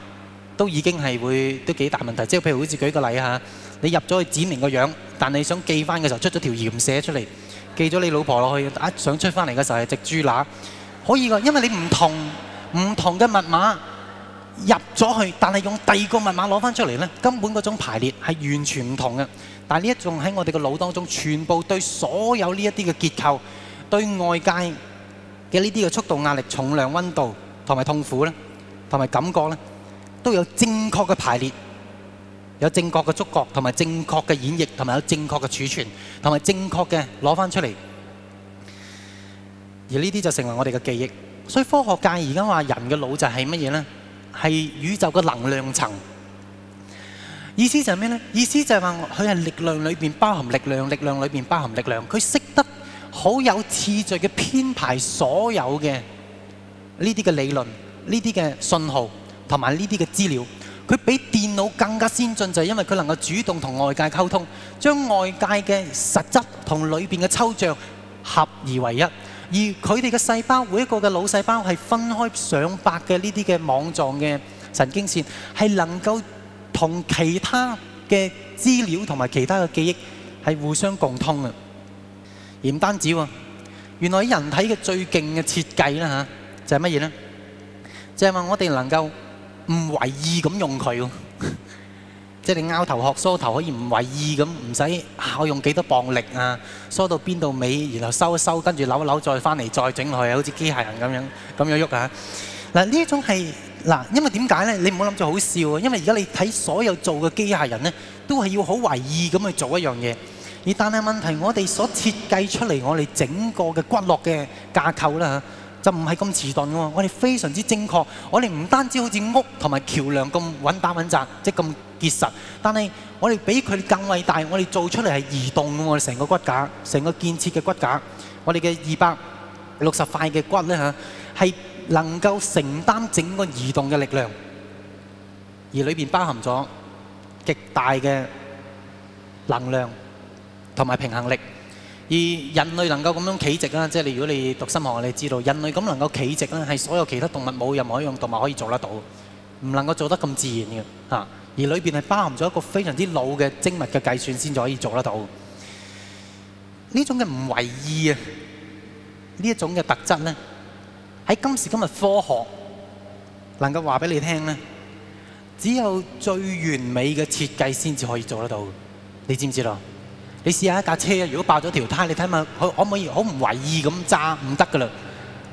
都已經係會都幾大問題。即係譬如好似舉個例嚇，你入咗去指明個樣，但你想寄翻嘅時候出咗條鹽寫出嚟。記咗你老婆落去，一想出翻嚟嘅時候係隻豬乸，可以㗎，因為你唔同唔同嘅密碼入咗去，但係用第二個密碼攞翻出嚟呢，根本嗰種排列係完全唔同嘅。但係呢一種喺我哋嘅腦當中，全部對所有呢一啲嘅結構，對外界嘅呢啲嘅速度、壓力、重量、溫度同埋痛苦呢，同埋感覺呢，都有正確嘅排列。有正確嘅觸覺，同埋正確嘅演繹，同埋有正確嘅儲存，同埋正確嘅攞翻出嚟。而呢啲就成為我哋嘅記憶。所以科學界而家話人嘅腦就係乜嘢呢？係宇宙嘅能量層。意思就係咩呢？意思就係話佢係力量裏面包含力量，力量裏面包含力量。佢識得好有次序嘅編排所有嘅呢啲嘅理論、呢啲嘅信號同埋呢啲嘅資料。佢比電腦更加先進，就係因為佢能夠主動同外界溝通，將外界嘅實質同裏面嘅抽象合而為一。而佢哋嘅細胞，每一個嘅腦細胞係分開上百嘅呢啲嘅網狀嘅神經線，係能夠同其他嘅資料同埋其他嘅記憶係互相共通嘅。而唔單止喎，原來喺人體嘅最勁嘅設計啦嚇，就係乜嘢咧？就係話我哋能夠。唔為意咁用佢，即係你拗頭、學梳頭，可以唔為意咁，唔使效用幾多磅力啊？梳到邊度尾，然後收一收，跟住扭一扭，再翻嚟再整佢，好似機械人咁樣咁樣喐啊！嗱，呢種係嗱，因為點解咧？你唔好諗住好笑啊！因為而家你睇所有做嘅機械人咧，都係要好為意咁去做一樣嘢。而但係問題，我哋所設計出嚟，我哋整個嘅骨骼嘅架構啦。就唔係咁遲鈍喎！我哋非常之正確，我哋唔單止好似屋同埋橋梁咁穩打穩扎，即係咁結實，但係我哋比佢更偉大，我哋做出嚟係移動嘅，我哋成個骨架、成個建設嘅骨架，我哋嘅二百六十塊嘅骨咧嚇，係能夠承擔整個移動嘅力量，而裏邊包含咗極大嘅能量同埋平衡力。人類能夠咁樣企直啊，即係你如果你讀生物，你知道人類咁能夠企直咧，係所有其他動物冇任何一樣動物可以做得到，唔能夠做得咁自然嘅嚇、啊。而裏邊係包含咗一個非常之老嘅精密嘅計算先至可以做得到。呢種嘅唔為意啊，呢一種嘅特質咧，喺今時今日科學能夠話俾你聽咧，只有最完美嘅設計先至可以做得到。你知唔知道？你試下一架車，如果爆咗條胎，你睇下可可唔可以好唔為意咁揸？唔得㗎啦，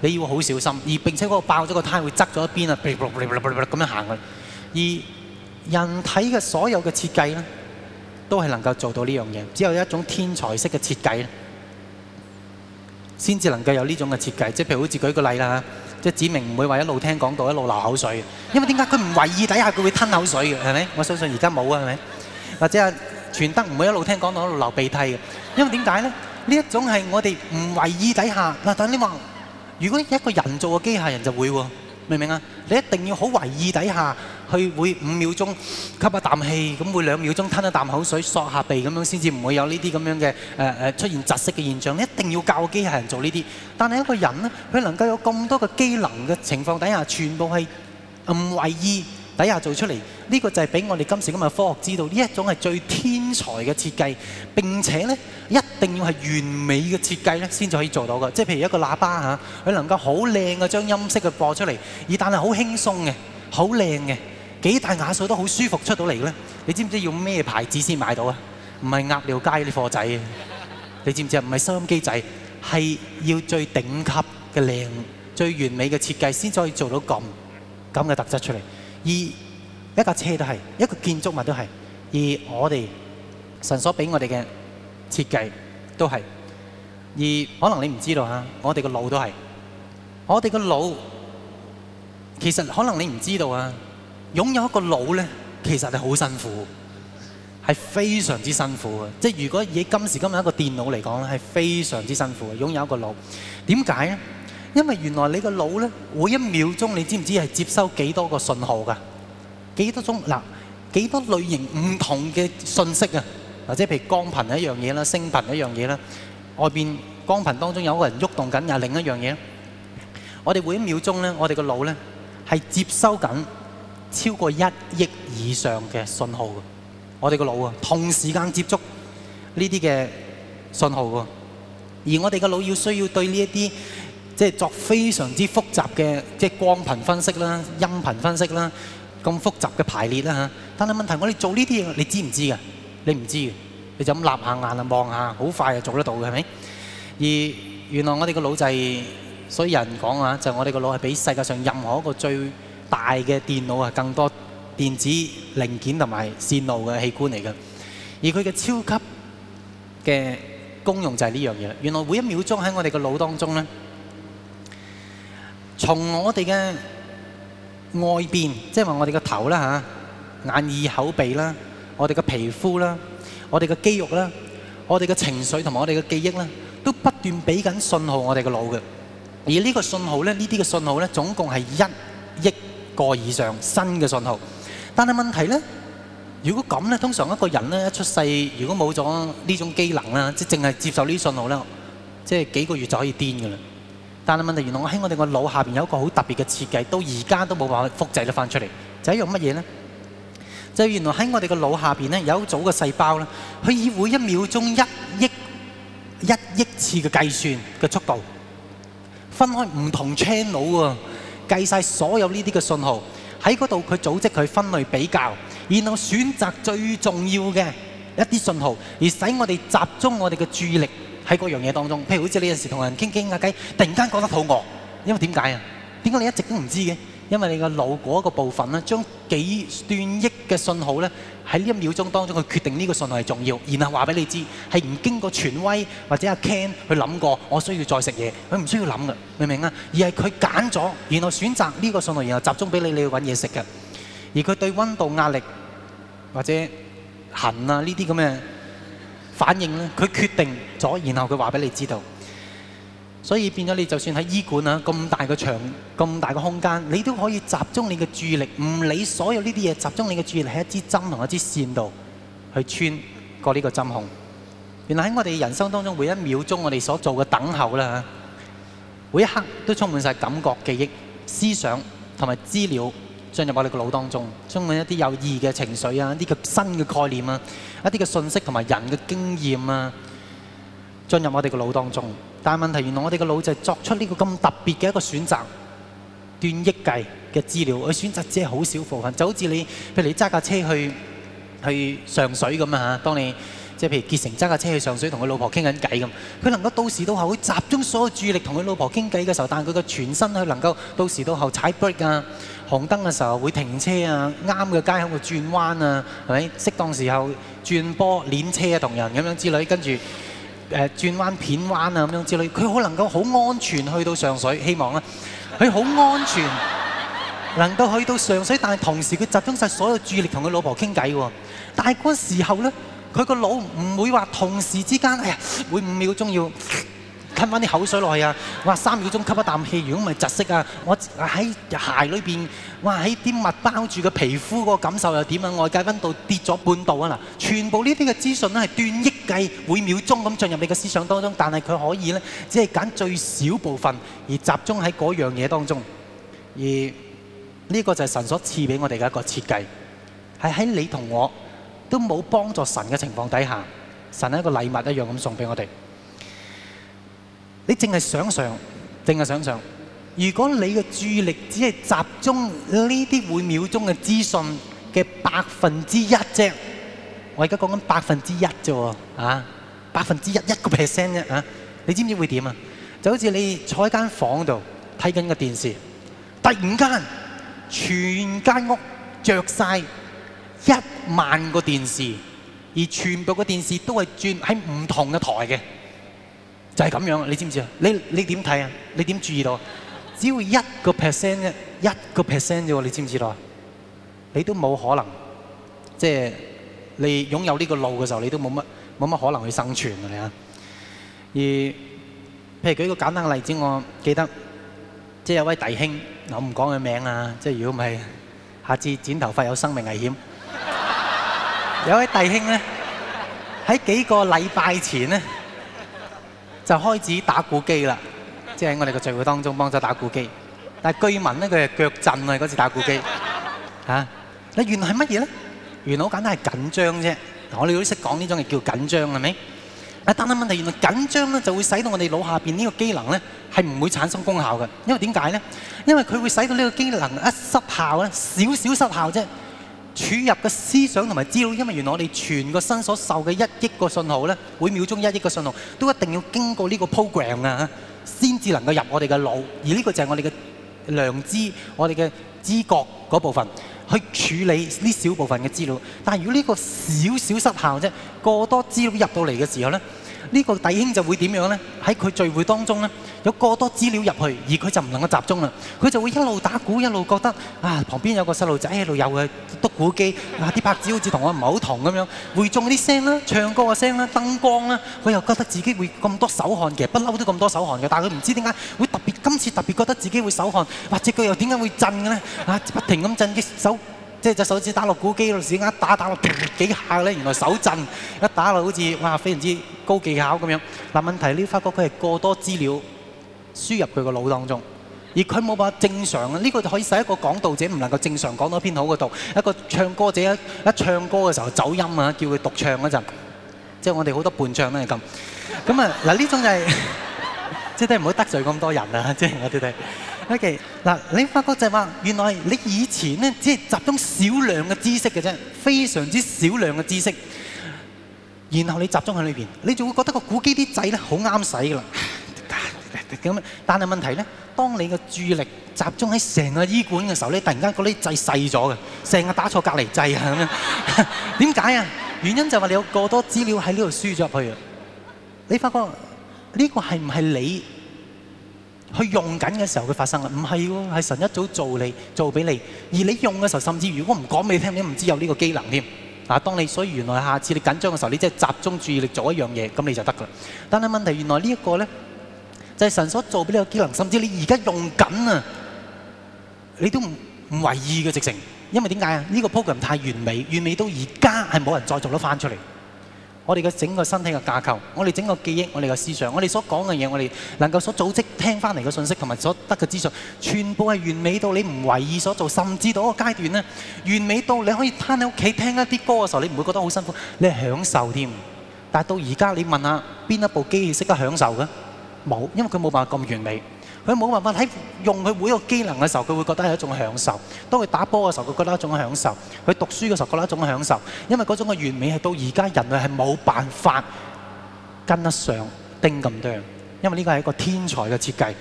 你要好小心。而並且嗰個爆咗個胎會側咗一邊啊，咁樣行㗎。而人體嘅所有嘅設計咧，都係能夠做到呢樣嘢。只有一種天才式嘅設計，先至能夠有呢種嘅設計。即係譬如好似舉個例啦嚇，即係指明唔會話一路聽講到一路流口水嘅，因為點解佢唔為意底下佢會吞口水嘅係咪？我相信而家冇啊係咪？或者係。全德唔會一路聽講到一路流鼻涕嘅，因為點解呢？呢一種係我哋唔為意底下，但你話，如果一個人做個機械人就會喎，明唔明啊？你一定要好為意底下佢，會五秒鐘吸一啖氣，咁會兩秒鐘吞一啖口水，嗦下鼻咁樣先至唔會有呢啲咁樣嘅誒誒出現窒息嘅現象。你一定要教個機械人做呢啲，但係一個人呢，佢能夠有咁多個機能嘅情況底下，全部係唔為意底下做出嚟，呢個就係俾我哋今時今日科學知道呢一種係最天才嘅設計，並且咧一定要係完美嘅設計咧，先至可以做到嘅。即係譬如一個喇叭嚇，佢能夠好靚嘅將音色嘅播出嚟，而但係好輕鬆嘅，好靚嘅，幾大瓦數都好舒服出到嚟嘅咧。你知唔知要咩牌子先買到啊？唔係鴨寮街啲貨仔，你知唔知啊？唔係收音機仔，係要最頂級嘅靚、最完美嘅設計先至可以做到咁咁嘅特質出嚟。而一架車都係，一個建築物都係，而我哋神所俾我哋嘅設計都係，而可能你唔知道啊，我哋個腦都係，我哋個腦其實可能你唔知道啊，擁有一個腦咧，其實係好辛苦，係非常之辛苦嘅，即係如果以今時今日一個電腦嚟講咧，係非常之辛苦嘅，擁有一個腦，點解咧？因為原來你個腦咧，每一秒鐘你知唔知係接收幾多個信號噶？幾多種嗱？幾多類型唔同嘅信息啊？或者譬如光頻一樣嘢啦，聲頻一樣嘢啦，外邊光頻當中有個人喐動緊，又另一樣嘢。我哋每一秒鐘咧，我哋個腦咧係接收緊超過一億以上嘅信號嘅。我哋個腦啊，同時間接觸呢啲嘅信號喎，而我哋個腦要需要對呢一啲。即係作非常之複雜嘅，即係光頻分析啦、音頻分析啦，咁複雜嘅排列啦嚇。但係問題，我哋做呢啲嘢，你知唔知㗎？你唔知㗎，你就咁立下眼啊望下，好快就做得到嘅係咪？而原來我哋個腦就係，所以有人講啊，就係我哋個腦係比世界上任何一個最大嘅電腦係更多電子零件同埋線路嘅器官嚟嘅。而佢嘅超級嘅功用就係呢樣嘢啦。原來每一秒鐘喺我哋個腦當中咧～從我哋嘅外邊，即係話我哋個頭啦吓，眼耳口鼻啦，我哋個皮膚啦，我哋個肌肉啦，我哋嘅情緒同埋我哋嘅記憶啦，都不斷俾緊信號我哋個腦嘅。而呢個信號咧，呢啲嘅信號咧，總共係一億個以上新嘅信號。但係問題咧，如果咁咧，通常一個人咧一出世，如果冇咗呢種機能啦，即係淨係接受呢啲信號啦，即係幾個月就可以癲㗎啦。但係問題，原來在我喺我哋個腦下邊有一個好特別嘅設計，到而家都冇辦法複製得翻出嚟。就係一樣乜嘢咧？就原來喺我哋個腦下邊咧有一組嘅細胞咧，佢以每秒鐘一秒鐘一億一億次嘅計算嘅速度，分開唔同 channel 啊，計晒所有呢啲嘅信號喺嗰度，佢組織佢分類比較，然後選擇最重要嘅一啲信號，而使我哋集中我哋嘅注意力。喺嗰樣嘢當中，譬如好似你有時同人傾傾下偈，突然間覺得肚餓，因為點解啊？點解你一直都唔知嘅？因為你個腦嗰個部分呢，將幾段億嘅信號呢，喺一秒鐘當中去決定呢個信號係重要，然後話俾你知係唔經過權威或者阿 Ken 去諗過，我需要再食嘢，佢唔需要諗㗎，明唔明啊？而係佢揀咗，然後選擇呢個信號，然後集中俾你，你去揾嘢食嘅。而佢對溫度、壓力或者痕啊呢啲咁嘅。反應咧，佢決定咗，然後佢話俾你知道，所以變咗你就算喺醫館啊，咁大個場，咁大個空間，你都可以集中你嘅注意力，唔理所有呢啲嘢，集中你嘅注意力喺一支針同一支線度去穿過呢個針孔。原來喺我哋人生當中，每一秒鐘我哋所做嘅等候啦，每一刻都充滿晒感覺、記憶、思想同埋資料。進入我哋個腦當中，將一啲有意義嘅情緒啊，一啲嘅新嘅概念啊，一啲嘅信息同埋人嘅經驗啊，進入我哋個腦當中。但係問題，原來我哋個腦就係作出呢個咁特別嘅一個選擇，斷億計嘅資料。佢選擇只係好少部分，就好似你，譬如你揸架車去去上水咁啊嚇。當你即係譬如結成揸架車去上水，同佢老婆傾緊偈咁，佢能夠到時到後，會集中所有注意力同佢老婆傾偈嘅時候，但係佢個全身佢能夠到時到後踩 brake 啊。紅燈嘅時候會停車啊，啱嘅街口會轉彎啊，係咪適當時候轉波、碾車啊、同人咁樣之類，跟住誒、呃、轉彎、片彎啊咁樣之類，佢可能夠好安全去到上水，希望啦、啊，佢好安全 能夠去到上水，但係同時佢集中晒所有注意力同佢老婆傾偈喎，但係嗰時候咧，佢個腦唔會話同時之間，哎呀，每五秒鐘要。吞翻啲口水落去啊！哇，三秒鐘吸一啖氣，如果唔係窒息啊！我喺鞋裏邊，哇喺啲襪包住個皮膚，個感受又點啊？外界溫度跌咗半度啊！嗱，全部呢啲嘅資訊咧係斷億計每秒鐘咁進入你嘅思想當中，但係佢可以咧，只係揀最少部分而集中喺嗰樣嘢當中。而呢個就係神所賜俾我哋嘅一個設計，係喺你同我都冇幫助神嘅情況底下，神一個禮物一樣咁送俾我哋。你淨係想像正是想，淨係想像。如果你嘅注意力只係集中呢啲每秒鐘嘅資訊嘅百分之一啫，我而家講緊百分之一啫喎，啊，百分之一一個 percent 啫啊，你知唔知會點啊？就好似你坐喺間房度睇緊個電視，突然間全間屋着晒一萬個電視，而全部嘅電視都係轉喺唔同嘅台嘅。就係咁樣，你知唔知啊？你你點睇啊？你點注意到啊？只要一個 percent 啫，一個 percent 啫喎，你知唔知道啊？你都冇可能，即係你擁有呢個路嘅時候，你都冇乜冇乜可能去生存啊！你啊，而譬如舉個簡單嘅例子，我記得即係有位弟兄，我唔講佢名啊，即係如果唔係下次剪頭髮有生命危險。有位弟兄咧，喺幾個禮拜前咧。就開始打鼓機啦，即係喺我哋個聚會當中幫手打鼓機。但係居民咧，佢係腳震啊！嗰次打鼓機吓，原來係乜嘢咧？原來好簡單，係緊張啫。我哋都識講呢種嘢叫緊張係咪？但係問題，原來緊張咧就會使到我哋腦下邊呢個機能咧係唔會產生功效嘅。因為點解咧？因為佢會使到呢個機能一失效咧，少少失效啫。儲入嘅思想同埋資料，因為原來我哋全個身所受嘅一億個信號咧，每秒鐘一億個信號，都一定要經過呢個 program 啊，先至能夠入我哋嘅腦。而呢個就係我哋嘅良知、我哋嘅知覺嗰部分，去處理呢少部分嘅資料。但係如果呢個少少失效啫，過多資料入到嚟嘅時候咧。呢個弟兄就會點樣呢？喺佢聚會當中呢，有過多資料入去，而佢就唔能夠集中啦。佢就會一路打鼓，一路覺得啊，旁邊有個細路仔喺度又係篤鼓機，啊，啲拍子好似同我唔係好同咁樣。會眾嗰啲聲啦，唱歌嘅聲啦，燈光啦，佢又覺得自己會咁多手汗，其實不嬲都咁多手汗嘅。但係佢唔知點解會特別今次特別覺得自己會手汗，或者佢又點解會震嘅呢？啊，不停咁震嘅手。即係隻手指打落鼓機嗰陣時，一打打落幾下咧，原來手震。一打落好似哇，非常之高技巧咁樣。嗱，問題呢？發覺佢係過多資料輸入佢個腦當中，而佢冇辦法正常。呢個可以使一個講道者唔能夠正常講到篇好嘅道，一個唱歌者一一唱歌嘅時候走音啊，叫佢獨唱嗰陣，即係我哋好多伴唱咧咁。咁啊，嗱，呢種就係即係都唔好得罪咁多人啊，即係我哋。Okay，嗱，你發覺就係話，原來你以前咧只係集中少量嘅知識嘅啫，非常之少量嘅知識。然後你集中喺裏邊，你就會覺得個古基啲掣咧好啱使嘅啦。咁，但係問題咧，當你嘅注意力集中喺成個醫館嘅時候咧，你突然間嗰啲掣細咗嘅，成日打錯隔離掣啊！點解啊？原因就係話你有過多資料喺呢度輸咗入去。你發覺呢個係唔係你？佢用緊嘅時候會發生啦，唔係喎，係神一早做你，做俾你，而你用嘅時候，甚至如果唔講俾你聽，你都唔知有呢個機能添。當你所以原來下次你緊張嘅時候，你即係集中注意力做一樣嘢，咁你就得喇，但係問題是原來呢一個呢就係、是、神所做俾你嘅機能，甚至你而家用緊啊，你都唔為意嘅直情。因為點解啊？呢、呢個 program 太完美，完美到而家係冇人再做得返出嚟。我哋嘅整個身體嘅架構，我哋整個記憶，我哋嘅思想，我哋所講嘅嘢，我哋能夠所組織聽翻嚟嘅信息同埋所得嘅資訊，全部係完美到你唔為意所做，甚至到一個階段咧，完美到你可以攤喺屋企聽一啲歌嘅時候，你唔會覺得好辛苦，你係享受添。但係到而家，你問下邊一部機器識得享受嘅？冇，因為佢冇辦法咁完美。佢冇辦法喺用佢每個機能嘅時候，佢會覺得係一種享受。當佢打波嘅時候，佢覺得一種享受；佢讀書嘅時候，覺得一種享受。因為嗰種嘅完美係到而家人類係冇辦法跟得上丁咁多，因為呢個係一個天才嘅設計。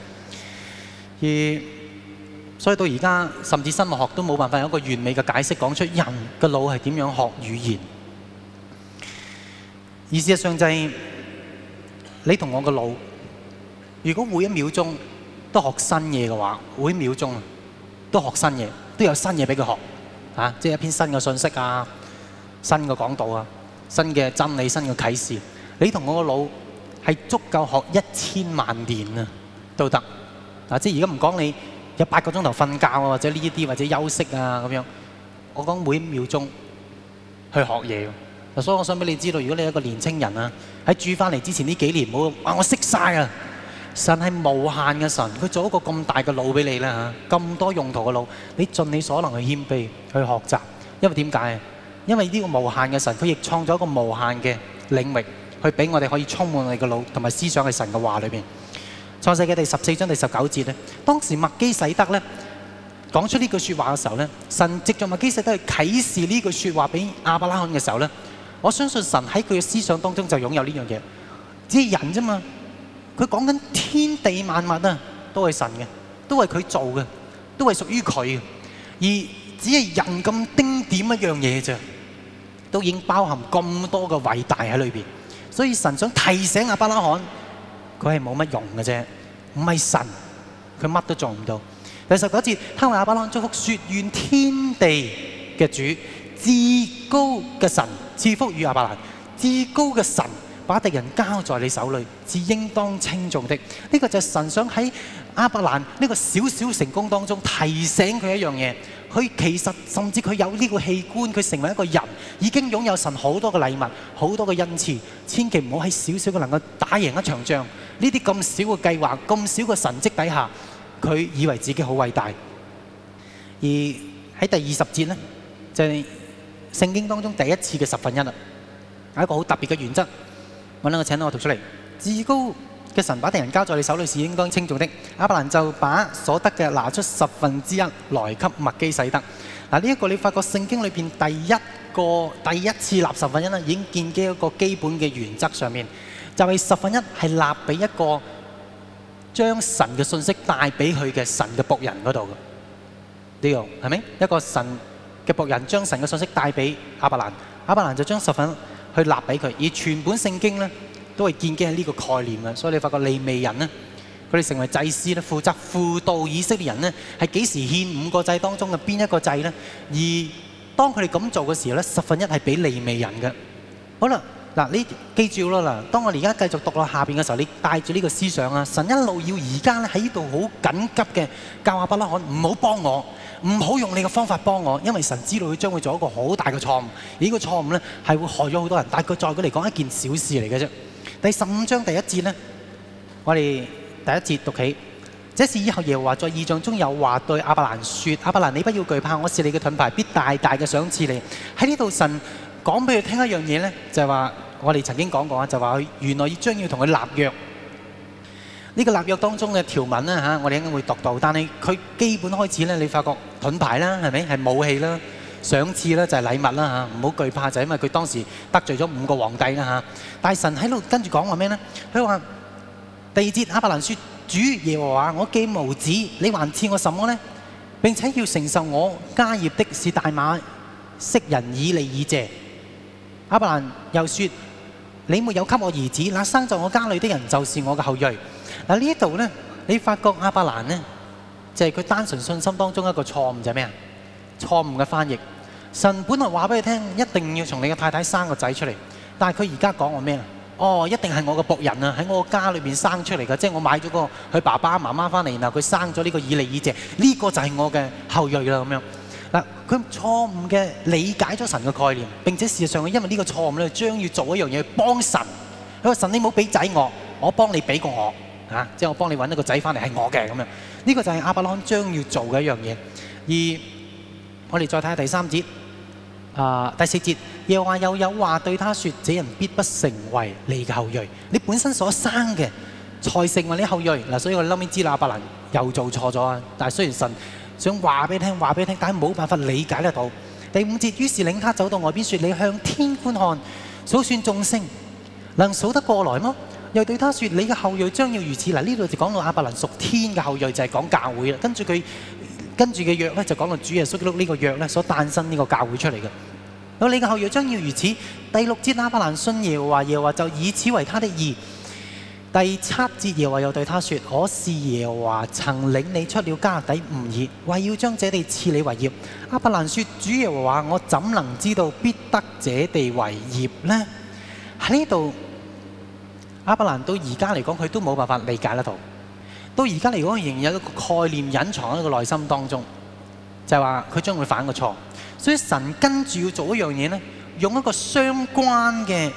而所以到而家，甚至生物學都冇辦法有一個完美嘅解釋講出人嘅腦係點樣學語言。而事實上就係你同我嘅腦，如果每一秒鐘，都學新嘢嘅話，每秒鐘啊，都學新嘢，都有新嘢俾佢學啊！即係一篇新嘅信息啊，新嘅講道啊，新嘅真理，新嘅啟示。你同我個腦係足夠學一千萬年啊，都得啊！即係而家唔講你有八個鐘頭瞓覺啊，或者呢一啲或者休息啊咁樣，我講每秒鐘去學嘢啊。所以我想俾你知道，如果你一個年青人啊，喺住翻嚟之前呢幾年，唔好話我識晒啊！神係無限嘅神，佢造一個咁大嘅腦俾你啦嚇，咁多用途嘅腦，你盡你所能去謙卑去學習，因為點解啊？因為呢個無限嘅神，佢亦創咗一個無限嘅領域，去俾我哋可以充滿我哋嘅腦同埋思想喺神嘅話裏邊。創世記第十四章第十九節咧，當時麥基洗德咧講出呢句説話嘅時候咧，神藉著麥基洗德去啟示呢句説話俾亞伯拉罕嘅時候咧，我相信神喺佢嘅思想當中就擁有呢樣嘢，只係人咋嘛？佢講緊天地萬物啊，都係神嘅，都係佢做嘅，都係屬於佢。而只係人咁丁點一樣嘢啫，都已經包含咁多嘅偉大喺裏邊。所以神想提醒亞伯拉罕，佢係冇乜用嘅啫，唔係神，佢乜都做唔到。第十九節，他為亞伯蘭祝福，説願天地嘅主，至高嘅神，賜福與亞伯蘭，至高嘅神。把敵人交在你手裏，是應當稱頌的。呢個就神想喺亞伯蘭呢個小小成功當中提醒佢一樣嘢。佢其實甚至佢有呢個器官，佢成為一個人已經擁有神好多嘅禮物、好多嘅恩賜。千祈唔好喺小小嘅能夠打贏一場仗呢啲咁少嘅計劃、咁少嘅神跡底下，佢以為自己好偉大。而喺第二十節呢，就係聖經當中第一次嘅十分一啦，係一個好特別嘅原則。揾到我請到我讀出嚟。至高嘅神把敵人交在你手裏，是應該稱重的。亞伯蘭就把所得嘅拿出十分之一來給麥基洗德。嗱，呢一個你發覺聖經裏邊第一個第一次立十分一啦，已經建基一個基本嘅原則上面，就係十分一係立俾一個將神嘅信息帶俾佢嘅神嘅僕人嗰度嘅。呢個係咪一個神嘅僕人將神嘅信息帶俾亞伯蘭？亞伯蘭就將十分。去立俾佢，而全本聖經呢，都係建基係呢個概念嘅，所以你發覺利未人咧，佢哋成為祭司咧，負責輔導以色列人呢，係幾時獻五個祭當中嘅邊一個祭呢？而當佢哋咁做嘅時候呢，十分一係俾利未人嘅。好啦，嗱你記住咯嗱，當我哋而家繼續讀落下面嘅時候，你帶住呢個思想啊，神一路要而家喺呢度好緊急嘅教亞伯拉罕，唔好幫我。唔好用你嘅方法幫我，因為神知道佢將會做一個好大嘅錯誤。而呢個錯誤咧，係會害咗好多人。但係佢在佢嚟講一件小事嚟嘅啫。第十五章第一節咧，我哋第一節讀起，這事以後耶和華在異象中有話對亞伯蘭說：亞伯蘭，你不要懼怕，我是你的盾牌，必大大嘅賞賜你。喺呢度神講給佢聽一樣嘢咧，就係、是、話我哋曾經講過就話、是、原來將要將要同佢立約。呢個立約當中嘅條文咧嚇，我哋應該會讀到，但係佢基本開始咧，你發覺盾牌啦，係咪係武器啦、賞賜啦，就係禮物啦嚇，唔好懼怕就係因為佢當時得罪咗五個皇帝啦嚇。但係神喺度跟住講話咩咧？佢話：第二節亞伯蘭說：主耶和華，我既無子，你還賜我什麼咧？並且要承受我家業的，是大馬色人以利以謝。亞伯蘭又說。你沒有給我兒子，那生在我家裏的人就是我嘅後裔。嗱，呢度呢，你發覺亞伯蘭呢，就係佢單純信心當中一個錯誤就係咩？錯誤嘅翻譯。神本來話俾你聽，一定要從你嘅太太生個仔出嚟，但係佢而家講我咩？哦，一定係我嘅僕人啊，喺我家裏面生出嚟的，即係我買咗個佢爸爸媽媽回嚟，然後佢生咗呢個以利以謝。呢個就係我嘅後裔啦咁樣嗱，佢錯誤嘅理解咗神嘅概念，並且事實上，佢因為呢個錯誤咧，將要做一樣嘢幫神。佢話神，你唔好俾仔我，我幫你俾過我嚇，即、啊、係、就是、我幫你揾一個仔翻嚟係我嘅咁樣。呢、這個就係亞伯拉罕將要做嘅一樣嘢。而我哋再睇下第三節，啊第四節，又話又有話對他說：這人必不成為你嘅後裔。你本身所生嘅才成為你後裔。嗱，所以我哋知道亞伯蘭又做錯咗啊。但係雖然神。想話俾你聽，話俾你聽，但係冇辦法理解得到。第五節，於是領他走到外邊，說：你向天觀看，數算眾星，能數得過來嗎？又對他說：你嘅後裔將要如此。嗱，呢度就講到亞伯蘭屬天嘅後裔，就係、是、講教會啦。跟住佢跟住嘅約咧，就講到主耶穌基督呢個約咧，所誕生呢個教會出嚟嘅。我你嘅後裔將要如此。第六節，亞伯蘭信耶和華，耶和華就以此為他的義。第七節，耶和華又對他說：我是耶和華曾領你出了迦勒底，吾珥，為要將這地賜你為業。亞伯蘭說：主耶和華，我怎能知道必得這地為業呢？喺呢度，亞伯蘭到而家嚟講，佢都冇辦法理解得到。到而家嚟講，仍然有一個概念隱藏喺個內心當中，就係話佢將會犯個錯。所以神跟住要做一樣嘢呢，用一個相關嘅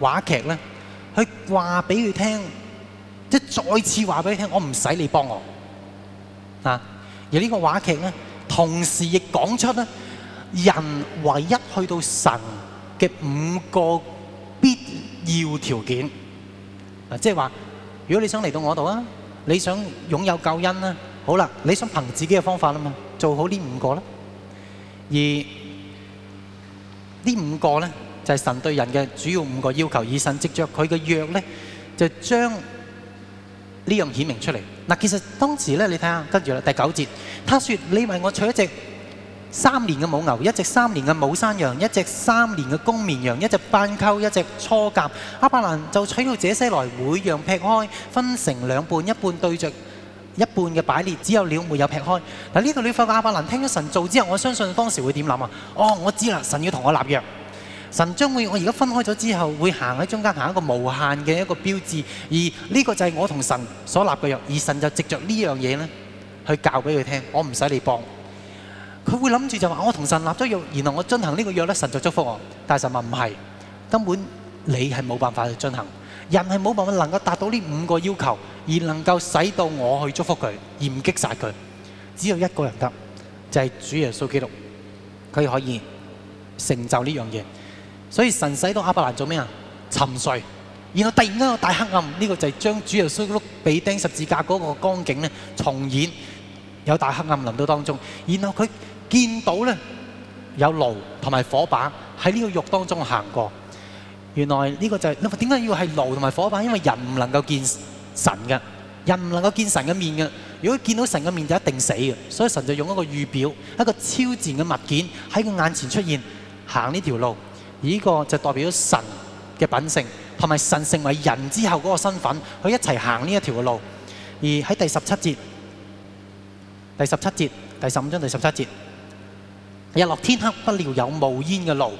話劇呢。」佢話俾佢聽，即係再次話俾佢聽，我唔使你幫我啊！而呢個話劇咧，同時亦講出咧人唯一去到神嘅五個必要條件啊！即係話，如果你想嚟到我度啊，你想擁有救恩啦，好啦，你想憑自己嘅方法啊嘛，做好呢五個啦，而呢五個咧。就係神對人嘅主要五個要求，以神執著佢嘅約咧，就將呢樣顯明出嚟嗱。其實當時咧，你睇下跟住啦，第九節，他說：你為我取一隻三年嘅母牛，一隻三年嘅母山羊，一隻三年嘅公綿羊，一隻斑鳩，一隻雛鴿。亞伯蘭就取到這些來，每樣劈開，分成兩半，一半對著，一半嘅擺列，只有鳥沒有劈開。嗱，呢度你發覺亞伯蘭聽咗神做之後，我相信當時會點諗啊？哦，我知啦，神要同我立約。神將會，我而家分開咗之後，會行喺中間行一個無限嘅一個標誌，而呢個就係我同神所立嘅約，而神就藉著呢樣嘢咧，去教俾佢聽。我唔使你幫，佢會諗住就話我同神立咗約，然後我進行呢個約咧，神就祝福我。但係神話唔係，根本你係冇辦法去進行，人係冇辦法能夠達到呢五個要求而能夠使到我去祝福佢而唔擊殺佢，只有一個人得，就係主耶穌基督，佢可以成就呢樣嘢。所以神使到亞伯蘭做咩呀？沉睡，然後突然間有大黑暗，呢個就係將主耶穌被釘十字架嗰個光景重現，有大黑暗臨到當中。然後佢見到呢，有爐同埋火把喺呢個肉當中行過。原來呢個就係點解要係爐同埋火把？因為人唔能夠見神嘅，人唔能夠見神嘅面嘅。如果見到神嘅面就一定死嘅，所以神就用一個預表，一個超自然嘅物件喺佢眼前出現，行呢條路。呢個就代表神嘅品性，同埋神成為人之後嗰個身份，佢一齊行呢一條路。而喺第十七節，第十七節，第十五章第十七節，日落天黑，不料有冒煙嘅爐，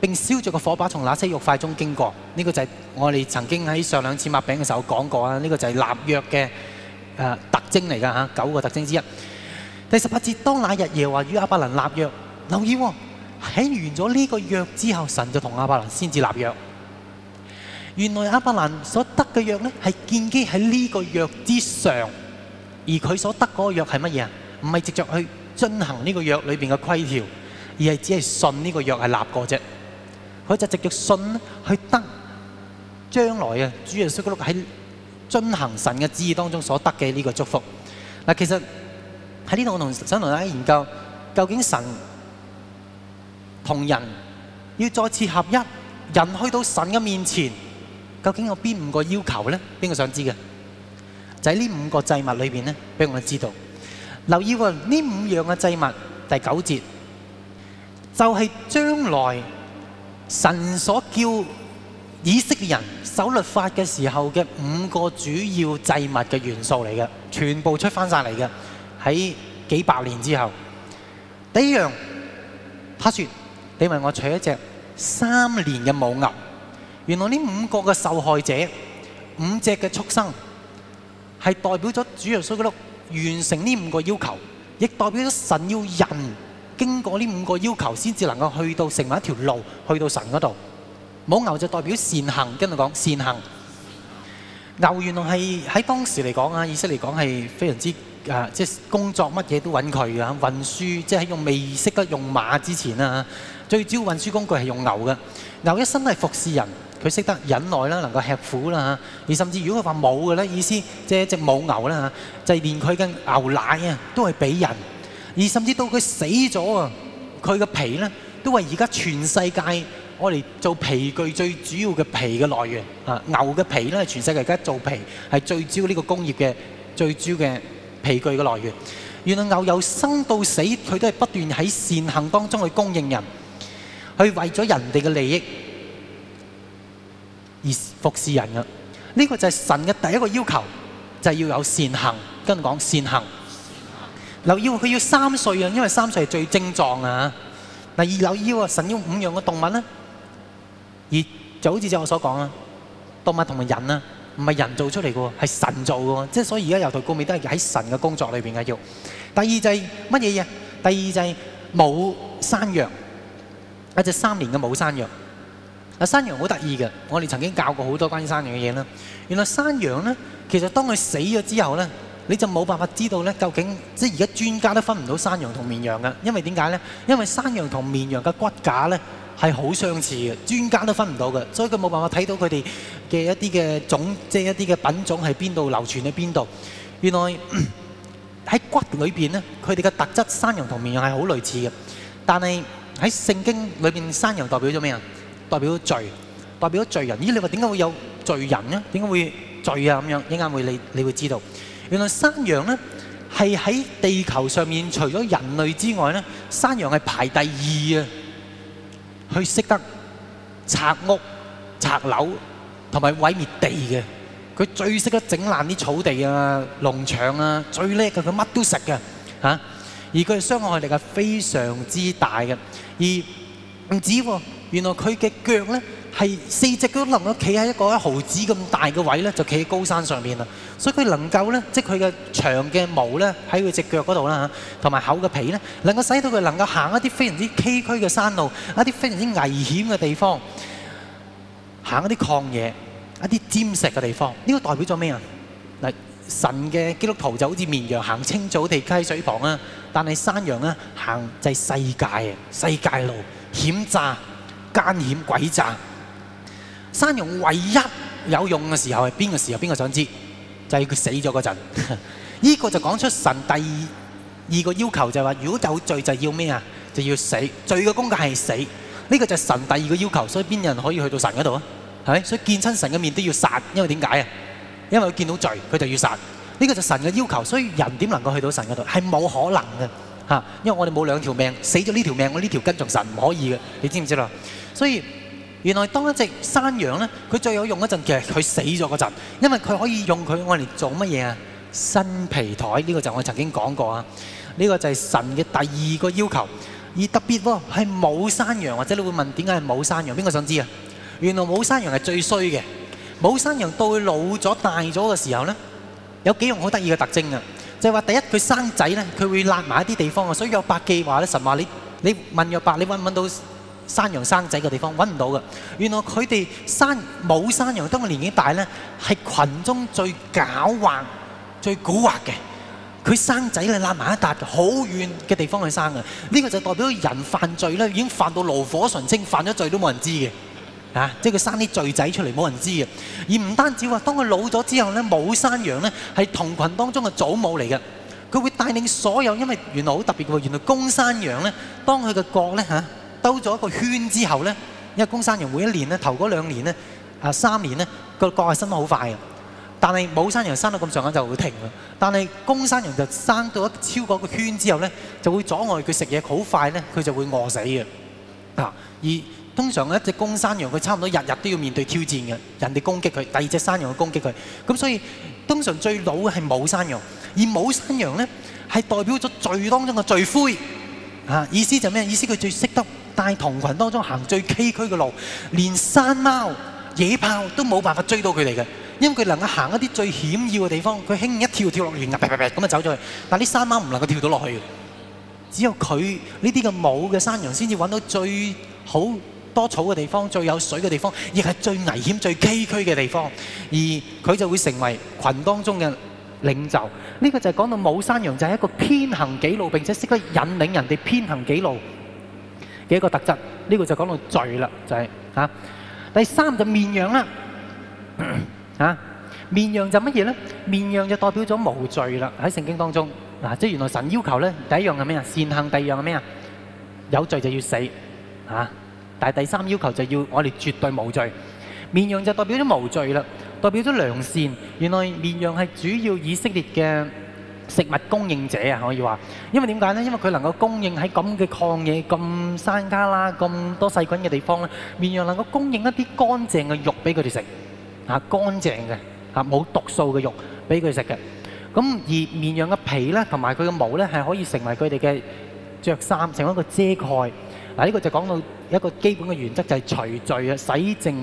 並燒著個火把從那些肉塊中經過。呢、這個就係我哋曾經喺上兩次擘餅嘅時候講過啊。呢、這個就係立約嘅誒特徵嚟㗎嚇，九個特徵之一。第十八節，當那日耶和華與亞伯蘭立約，留意、哦喺完咗呢個約之後，神就同亞伯蘭先至立約。原來亞伯蘭所得嘅約咧，係建基喺呢個約之上，而佢所得嗰個約係乜嘢啊？唔係直接去進行呢個約裏邊嘅規條，而係只係信呢個約係立過啫。佢就直接信去得將來嘅主耶穌基督喺進行神嘅旨意當中所得嘅呢個祝福。嗱，其實喺呢度我同想同大家研究，究竟神同人要再次合一，人去到神嘅面前，究竟有邊五個要求咧？邊個想知嘅？就喺呢五個祭物裏邊咧，俾我哋知道。留意喎，呢五樣嘅祭物，第九節就係、是、將來神所叫以色列人守律法嘅時候嘅五個主要祭物嘅元素嚟嘅，全部出翻晒嚟嘅。喺幾百年之後，第一樣，他說。你問我取一隻三年嘅母牛。原來呢五個嘅受害者，五隻嘅畜生係代表咗主耶穌基督完成呢五個要求，亦代表咗神要人經過呢五個要求，先至能夠去到成為一條路，去到神嗰度。母牛就代表善行，跟住講善行。牛原來係喺當時嚟講啊，意思嚟講係非常之啊，即係工作乜嘢都揾佢啊，運輸，即係喺用未識得用馬之前啊。最主要運輸工具係用牛嘅，牛一生係服侍人，佢識得忍耐啦，能夠吃苦啦。而甚至如果佢話冇嘅意思，即係隻母牛就係、是、連佢嘅牛奶都係畀人。而甚至到佢死咗啊，佢嘅皮呢，都係而家全世界我哋做皮具最主要嘅皮嘅來源啊，牛嘅皮呢，全世界而家做皮係最主要呢個工業嘅最主要嘅皮具嘅來源。原來牛由生到死，佢都係不斷喺善行當中去供應人。佢為咗人哋嘅利益而服侍人噶，呢個就係神嘅第一個要求，就係要有善行。跟住講善行，牛妖佢要三歲啊，因為三歲係最精壯啊。嗱，二牛妖啊，神要五樣嘅動物咧，而就好似就我所講啊，動物同埋人啊，唔係人做出嚟嘅，係神做嘅，即係所以而家由頭到尾都係喺神嘅工作裏邊嘅要。第二就係乜嘢嘢？第二就係母山羊。一隻三年嘅母山羊，啊，山羊好得意嘅，我哋曾經教過好多關於山羊嘅嘢啦。原來山羊咧，其實當佢死咗之後咧，你就冇辦法知道咧究竟，即係而家專家都分唔到山羊同綿羊嘅，因為點解咧？因為山羊同綿羊嘅骨架咧係好相似嘅，專家都分唔到嘅，所以佢冇辦法睇到佢哋嘅一啲嘅種，即係一啲嘅品種係邊度流傳喺邊度。原來喺骨裏邊咧，佢哋嘅特質山羊同綿羊係好類似嘅，但係，喺聖經裏邊，山羊代表咗咩啊？代表罪，代表咗罪人。咦，你話點解會有罪人呢？點解會罪啊？咁樣依解會你，你會知道，原來山羊咧係喺地球上面，除咗人類之外咧，山羊係排第二啊！佢識得拆屋、拆樓同埋毀滅地嘅，佢最識得整爛啲草地啊、農場啊，最叻嘅，佢乜都食嘅嚇。而佢嘅傷害力係非常之大嘅。而唔止喎、哦，原來佢嘅腳咧係四隻腳能夠企喺一個一毫子咁大嘅位咧，就企喺高山上面啦。所以佢能夠咧，即係佢嘅長嘅毛咧喺佢隻腳嗰度啦，嚇，同埋厚嘅皮咧，能夠使到佢能夠行一啲非常之崎嶇嘅山路，一啲非常之危險嘅地方，行一啲曠野、一啲尖石嘅地方。呢、這個代表咗咩啊？嗱。神嘅基督徒就好似綿羊行青草地溪水旁啊，但係山羊啊行就係世界啊，世界路險詐奸險鬼詐。山羊唯一有用嘅時候係邊個時候？邊個想知道？就係、是、佢死咗嗰陣。依 個就講出神第二,第二個要求就係、是、話，如果有罪就要咩啊？就要死。罪嘅工價係死。呢、這個就係神第二個要求，所以邊人可以去到神嗰度啊？係咪？所以見親神嘅面都要殺，因為點解啊？因為佢見到罪，佢就要殺。呢個就神嘅要求，所以人點能夠去到神嗰度係冇可能嘅嚇。因為我哋冇兩條命，死咗呢條命，我呢條跟仲神唔可以嘅，你知唔知啦？所以原來當一隻山羊咧，佢最有用嗰陣，其實佢死咗嗰陣，因為佢可以用佢嚟做乜嘢啊？新皮台呢個就我曾經講過啊，呢個就係神嘅第二個要求，而特別喎係冇山羊，或者你會問點解係冇山羊？邊個想知啊？原來冇山羊係最衰嘅。冇山羊到佢老咗大咗嘅時候咧，有幾樣好得意嘅特徵嘅，就係話第一佢生仔咧，佢會揦埋一啲地方啊，所以約伯記話咧，神話你，你問約伯，你揾唔揾到山羊生仔嘅地方，揾唔到嘅，原來佢哋生冇山羊，當佢年紀大咧，係羣中最狡猾、最蠱惑嘅，佢生仔咧，揦埋一笪好遠嘅地方去生嘅，呢個就代表人犯罪咧已經犯到爐火純青，犯咗罪都冇人知嘅。啊！即係佢生啲仔仔出嚟，冇人知嘅。而唔單止話，當佢老咗之後咧，母山羊咧係同群當中嘅祖母嚟嘅，佢會帶領所有。因為原來好特別嘅喎，原來公山羊咧，當佢嘅角咧兜咗一個圈之後咧，因為公山羊每一年咧頭嗰兩年咧啊三年咧個角係生得好快嘅，但係母山羊生到咁上下就會停㗎。但係公山羊就生到一超過一個圈之後咧，就會阻礙佢食嘢，好快咧佢就會餓死嘅、啊。而通常一隻公山羊佢差唔多日日都要面對挑戰嘅，人哋攻擊佢，第二隻山羊去攻擊佢，咁所以通常最老嘅係母山羊，而母山羊呢係代表咗最當中嘅最灰，啊意思就咩？意思佢最識得帶同群當中行最崎嶇嘅路，連山貓野豹都冇辦法追到佢哋嘅，因為佢能夠行一啲最險要嘅地方，佢輕輕一跳跳落懸崖，啪啪啪咁啊走咗去，但係啲山貓唔能夠跳到落去嘅，只有佢呢啲嘅母嘅山羊先至揾到最好。多草嘅地方，最有水嘅地方，亦係最危險，最崎嶇嘅地方，而佢就會成為群當中嘅領袖，呢個就講到冇山羊就係一個偏行己路，並且識得引領人哋偏行己路。但係第三要求就要我哋絕對無罪，綿羊就代表咗無罪啦，代表咗良善。原來綿羊係主要以色列嘅食物供應者啊，可以話。因為點解咧？因為佢能夠供應喺咁嘅曠野、咁山旮旯、咁多細菌嘅地方咧，綿羊能夠供應一啲乾淨嘅肉俾佢哋食，啊乾淨嘅啊冇毒素嘅肉俾佢食嘅。咁而綿羊嘅皮咧，同埋佢嘅毛咧，係可以成為佢哋嘅著衫，成為一個遮蓋。嗱，呢個就講到一個基本嘅原則，就係除罪啊，洗淨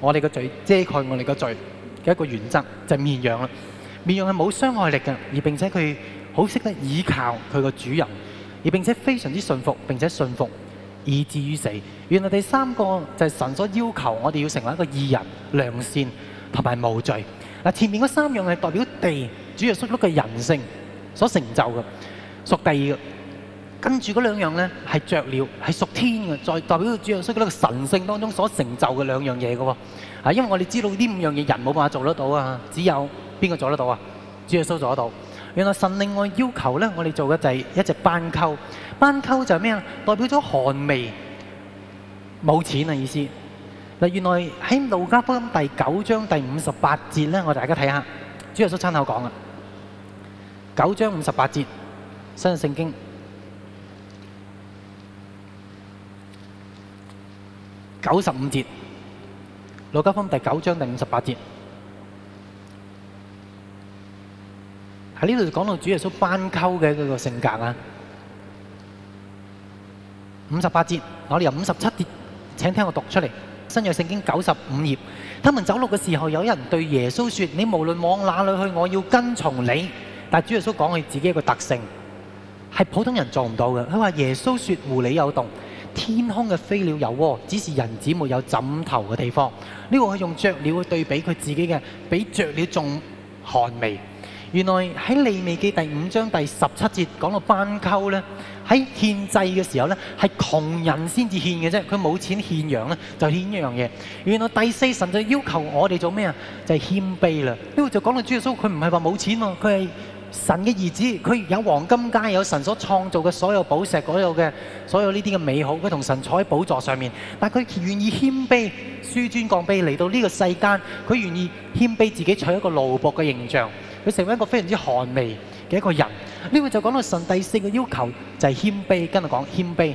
我哋嘅罪，遮蓋我哋嘅罪嘅一個原則，就係綿羊啦。綿羊係冇傷害力嘅，而並且佢好識得依靠佢個主人，而並且非常之信服，並且信服以至於死。原來第三個就係神所要求我哋要成為一個義人、良善同埋無罪。嗱，前面嗰三樣係代表地主耶穌基督嘅人性所成就嘅，屬地嘅。跟住嗰兩樣咧係雀鳥，係屬天嘅，再代表住個主耶穌嗰個神性當中所成就嘅兩樣嘢嘅喎，啊，因為我哋知道呢五樣嘢人冇辦法做得到啊，只有邊個做得到啊？主耶穌做得到。原來神另外要求咧，我哋做嘅就係一隻斑鳩，斑鳩就係咩啊？代表咗寒微，冇錢嘅意思。嗱，原來喺路加福音第九章第五十八節咧，我大家睇下，主耶穌親口講嘅九章五十八節新聖經。九十五節，路加福音第九章第五十八節，喺呢度就講到主耶穌斑鳩嘅嗰個性格啊。五十八節，我哋由五十七節，請聽我讀出嚟。新約聖經九十五頁，他們走路嘅時候，有人對耶穌說：你無論往哪裏去，我要跟從你。但係主耶穌講佢自己一個特性，係普通人做唔到嘅。佢話耶穌說：狐狸有洞。天空嘅飛鳥有窩，只是人子沒有枕頭嘅地方。呢個係用雀鳥去對比佢自己嘅，比雀鳥仲寒微。原來喺利未記第五章第十七節講到斑鳩呢，喺獻祭嘅時候呢，係窮人先至獻嘅啫，佢冇錢獻羊呢，就獻一樣嘢。原來第四神就要求我哋做咩啊？就係、是、謙卑啦。呢個就講到主耶穌，佢唔係話冇錢喎，佢係。神嘅兒子，佢有黃金街，有神所創造嘅所有寶石，所有嘅所有呢啲嘅美好，佢同神坐喺寶座上面。但佢願意謙卑，輸專降卑嚟到呢個世間。佢願意謙卑自己，取一個奴僕嘅形象，佢成為一個非常之寒微嘅一個人。呢個就講到神第四個要求，就係、是、謙卑，跟住講謙卑。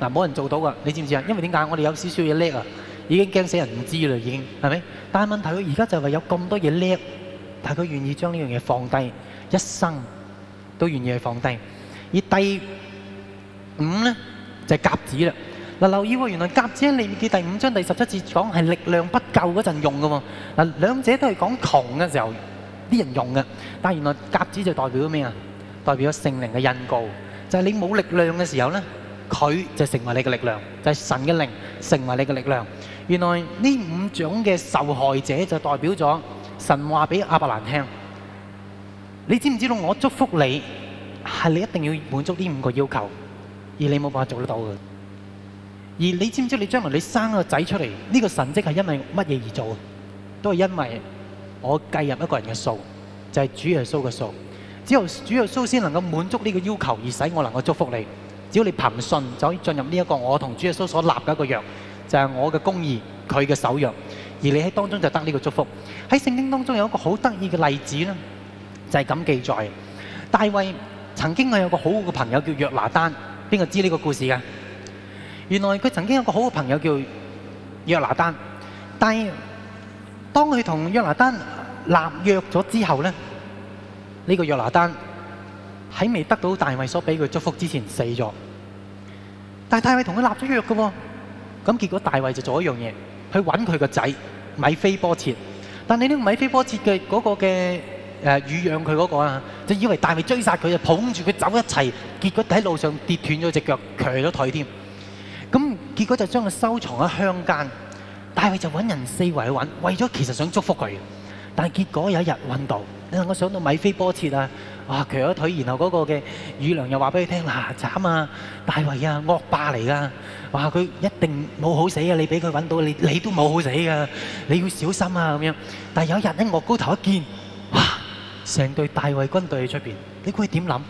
嗱、啊，冇人做到㗎，你知唔知啊？因為點解？我哋有少少嘢叻啊，已經驚死人唔知啦，已經係咪？但係問題佢而家就係話有咁多嘢叻，但係佢願意將呢樣嘢放低。一生都願意去放低，而第五咧就係夾子啦。嗱，留意喎，原來夾子喺利未記第五章第十七節講係力量不夠嗰陣用嘅喎。嗱，兩者都係講窮嘅時候啲人用嘅，但係原來夾子就代表咩啊？代表咗聖靈嘅印告，就係你冇力量嘅時候咧，佢就成為你嘅力量，就係神嘅靈成為你嘅力量。原來呢五種嘅受害者就代表咗神話俾亞伯蘭聽。你知不知道我祝福你，是你一定要滿足這五個要求，而你冇辦法做得到的。而你知不知道你將來你生個仔出來，這個神蹟是因為什麼而做的？都是因為我計入一個人的數，就是主耶穌的數。只有主耶穌才能夠滿足這個要求，而使我能夠祝福你。只要你憑信，就可以進入這個我同主耶穌所立的一個約，就是我的公義，他的守約，而你在當中就得這個祝福。在聖經當中有一個好得意的例子。就係、是、咁記載。大衛曾經係有個好好嘅朋友叫約拿單，邊個知呢個故事嘅？原來佢曾經有個好好嘅朋友叫約拿單。但係當佢同約拿單立約咗之後咧，呢、這個約拿單喺未得到大衛所俾佢祝福之前死咗。但係大衛同佢立咗約嘅喎，咁結果大衛就做一樣嘢，去揾佢個仔米非波設。但你呢個米非波設嘅嗰個嘅。誒，乳養佢嗰個啊，就以為大衞追殺佢啊，捧住佢走一齊，結果喺路上跌斷咗隻腳，瘸咗腿添。咁結果就將佢收藏喺鄉間。大衞就揾人四圍揾，為咗其實想祝福佢，但係結果有一日揾到，你能夠想到米非波設啊，哇，瘸咗腿，然後嗰個嘅乳養又話俾佢聽，嗱，慘啊，大衞啊，惡霸嚟㗎，話佢一定冇好死啊，你俾佢揾到，你你都冇好死㗎，你要小心啊咁樣。但係有一日喺岳高頭一見。成隊大衛軍隊喺出邊，你估佢點諗？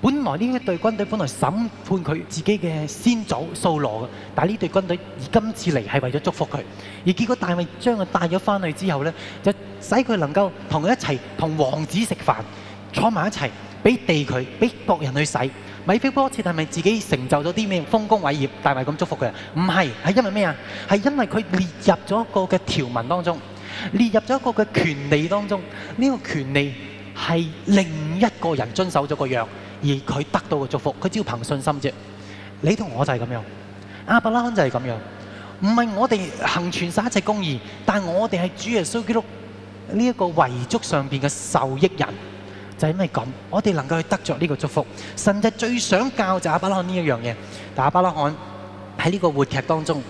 本來呢一隊軍隊本來審判佢自己嘅先祖掃羅嘅，但係呢隊軍隊而今次嚟係為咗祝福佢。而結果大衛將佢帶咗翻去之後咧，就使佢能夠同佢一齊同王子食飯，坐埋一齊，俾地佢，俾國人去使。米非波設係咪自己成就咗啲咩豐功偉業？大衛咁祝福佢？唔係，係因為咩啊？係因為佢列入咗一個嘅條文當中。列入咗一個嘅權利當中，呢個權利係另一個人遵守咗個約，而佢得到個祝福，佢只要憑信心啫。你同我就係咁樣，亞伯拉罕就係咁樣，唔係我哋行傳晒一切公義，但我哋係主耶穌基督呢一個遺囑上邊嘅受益人，就係因為咁。我哋能夠去得著呢個祝福，神就最想教就係亞伯拉罕呢一樣嘢，但係亞伯拉罕喺呢個活劇當中，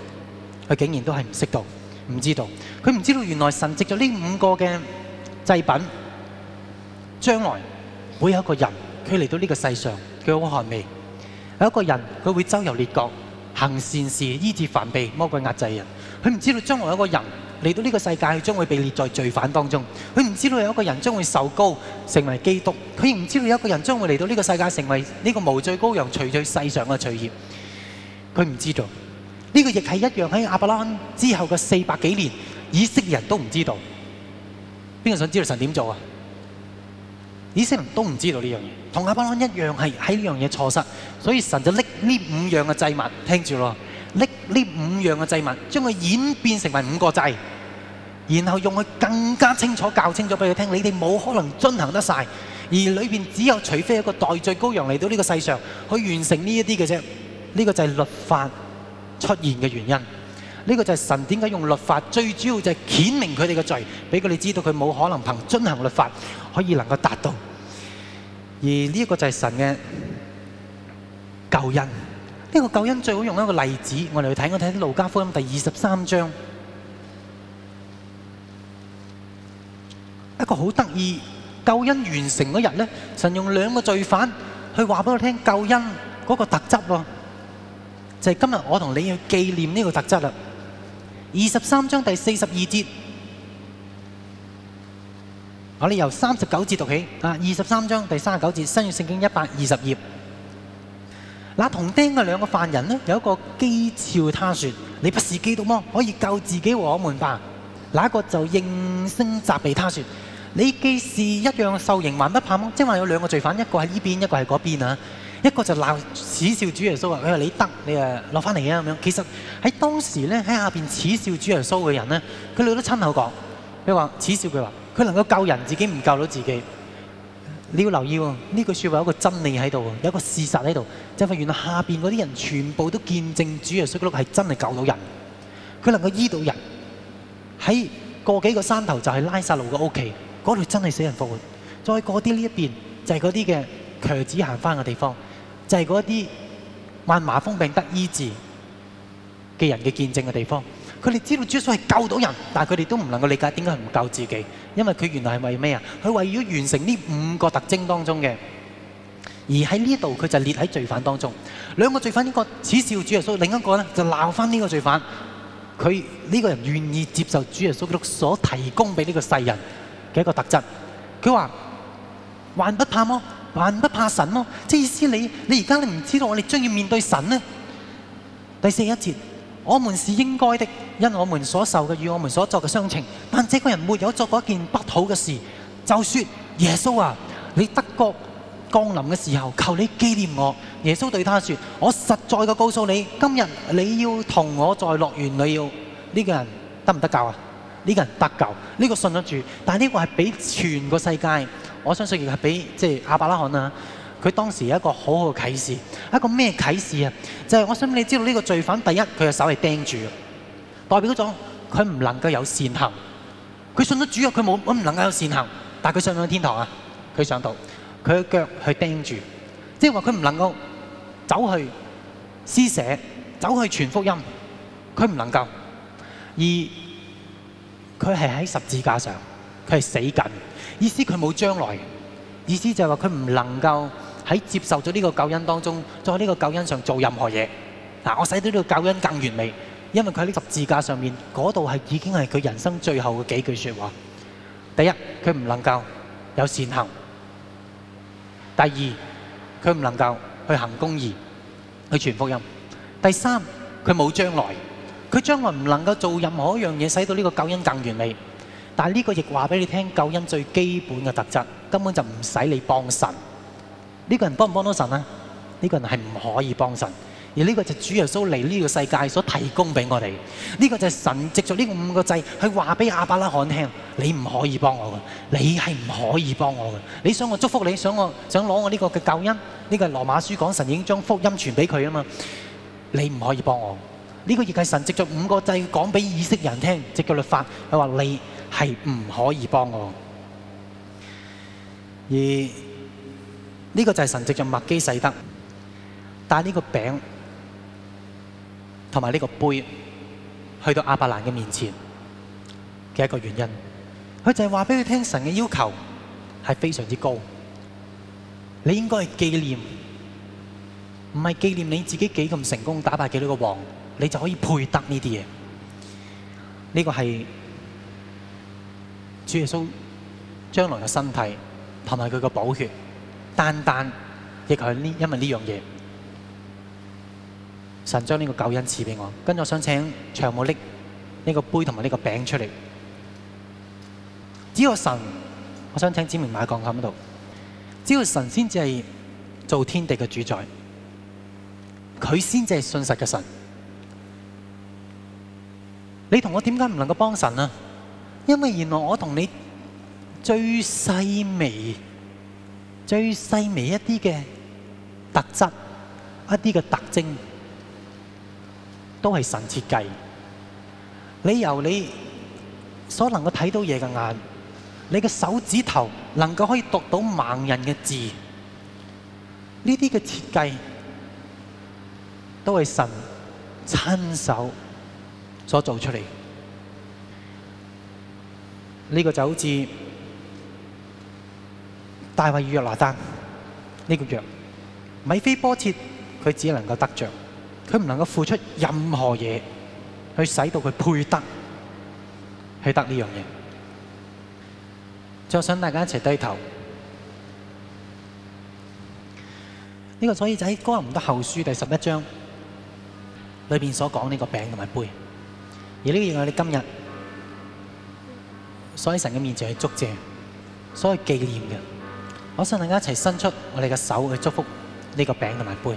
佢竟然都係唔識到。唔知道，佢唔知道原來神藉咗呢五個嘅祭品，將來會有一個人佢嚟到呢個世上，佢好寒微；有一個人佢會周遊列國，行善事，醫治凡被魔鬼壓制人。佢唔知道將來有個人嚟到呢個世界，將會被列在罪犯當中。佢唔知道有一個人將會受膏成為基督。佢唔知道有一個人將會嚟到呢個世界，成為呢個無罪羔羊，除去世上嘅罪孽。佢唔知道。呢、這個亦係一樣喺亞伯拉罕之後嘅四百幾年，以色列人都唔知道。邊個想知道神點做啊？以色列人都唔知道呢樣嘢，同亞伯拉罕一樣係喺呢樣嘢錯失，所以神就搦呢五樣嘅祭物聽住咯，搦呢五樣嘅祭物將佢演變成為五個祭，然後用佢更加清楚教清楚俾佢聽。你哋冇可能進行得曬，而裏面，只有除非有一個代罪羔羊嚟到呢個世上去完成呢一啲嘅啫。呢、這個就係律法。出現嘅原因，呢個就係神點解用律法，最主要就係顯明佢哋嘅罪，俾佢哋知道佢冇可能憑遵行律法，可以能夠達到。而呢一個就係神嘅救恩。呢個救恩最好用一個例子，我哋去睇我睇《路加福音》第二十23章，一個好得意，救恩完成嗰日呢，神用兩個罪犯去話俾我聽救恩嗰個特質喎。就係、是、今日，我同你要紀念呢個特質啦。二十三章第四十二節，我哋由三十九節讀起。啊，二十三章第三十九節，新約聖經一百二十頁。那同釘嘅兩個犯人呢，有一個譏誚，他説：你不是基督麼？可以救自己和我們吧。那一個就應聲責備他説：你既是一樣受刑，還不怕麼？即係話有兩個罪犯，一個喺呢邊，一個喺嗰邊啊。一個就鬧恥笑主耶穌啊！佢話你得，你誒落返嚟啊！咁樣其實喺當時咧，喺下邊恥笑主耶穌嘅人咧，佢哋都親口講，佢話恥笑佢話，佢能夠救人，自己唔救到自己。你要留意喎，呢句説話有一個真理喺度，有一個事實喺度，就係、是、原來下邊嗰啲人全部都見證主耶穌嗰碌係真係救到人，佢能夠醫到人。喺過幾個山頭就係、是、拉撒路嘅屋企，嗰度真係死人復活。再過啲呢一邊就係嗰啲嘅。強子行翻嘅地方，就係嗰啲萬麻風病得醫治嘅人嘅見證嘅地方。佢哋知道主耶穌係救到人，但佢哋都唔能夠理解點解唔救自己，因為佢原來係為咩啊？佢為咗完成呢五個特徵當中嘅，而喺呢度佢就列喺罪犯當中。兩個罪犯，一個恥笑主耶穌，另一個咧就鬧翻呢個罪犯。佢呢個人願意接受主耶穌所提供俾呢個世人嘅一個特質，佢話：還不怕麼？還不怕神咯、啊？即意思你你而家你唔知道我哋將要面對神呢？第四一節，我們是應該的，因我們所受嘅與我們所作嘅相稱。但這個人沒有做過一件不好嘅事。就說耶穌啊，你得國降臨嘅時候，求你紀念我。耶穌對他說：我實在地告訴你，今日你要同我在樂園裏要呢、這個人得唔得救啊？呢、這個人得救，呢、這個信得住，但係呢個係俾全個世界，我相信亦係俾即係亞伯拉罕啦。佢當時有一個好好嘅啟示，一個咩啟示啊？就係、是、我想你知道呢個罪犯，第一佢嘅手係釘住，代表咗佢唔能夠有善行。佢信咗主啊，佢冇，佢唔能夠有善行，但係佢上唔上天堂啊？佢上到，佢嘅腳去釘住，即係話佢唔能夠走去施捨，走去傳福音，佢唔能夠。而佢係喺十字架上，佢係死緊，意思佢冇將來。意思就係話佢唔能夠喺接受咗呢個救恩當中，再喺呢個救恩上做任何嘢。嗱，我使到呢個救恩更完美，因為佢喺十字架上面嗰度係已經係佢人生最後嘅幾句説話。第一，佢唔能夠有善行；第二，佢唔能夠去行公義、去傳福音；第三，佢冇將來。佢將來唔能夠做任何一樣嘢，使到呢個救恩更完美。但係呢個亦話俾你聽，救恩最基本嘅特質根本就唔使你幫神。呢個人幫唔幫到神呢？呢個人係唔可以幫神。而呢個就是主耶穌嚟呢個世界所提供俾我哋。呢個就是神藉著呢五個字去話俾亞伯拉罕聽：你唔可以幫我嘅，你係唔可以幫我嘅。你想我祝福你，想我想攞我呢個嘅救恩，呢個羅馬書講神已經將福音傳俾佢啊嘛。你唔可以幫我。呢個係神藉著五個祭講俾以色列人聽，藉著律法，佢話你係唔可以幫我。而呢個就係神藉著麥基洗德帶呢個餅同埋呢個杯去到亞伯蘭嘅面前嘅一個原因。佢就係話俾你聽，神嘅要求係非常之高。你應該係紀念，唔係紀念你自己幾咁成功，打敗幾多個王。你就可以配得呢啲嘢，呢個係主耶穌將來嘅身體同埋佢嘅寶血，單單亦係呢，因為呢樣嘢，神將呢個救恩賜俾我。跟住我想請長武拎呢個杯同埋呢個餅出嚟。只要神，我想請明妹買鋼琴度。只要神先至係做天地嘅主宰，佢先至係信實嘅神。你同我點解唔能夠幫神呀？因為原來我同你最細微、最細微一啲嘅特質、一啲嘅特徵，都係神設計。你由你所能夠睇到嘢嘅眼，你嘅手指頭能夠可以讀到盲人嘅字，呢啲嘅設計都係神親手所做出嚟，呢、這個就好似大衛與約拿單，呢、這個藥米非波設佢只能夠得着，佢唔能夠付出任何嘢去使到佢配得去得呢樣嘢。就想大家一齊低頭，呢、這個所以就喺《哥林多後書》第十一章裏面所講呢個餅同埋杯。而呢個係我哋今日，所以神嘅面前係祝謝，所謂紀念嘅。我希望大家一齊伸出我哋嘅手去祝福呢個餅同埋杯。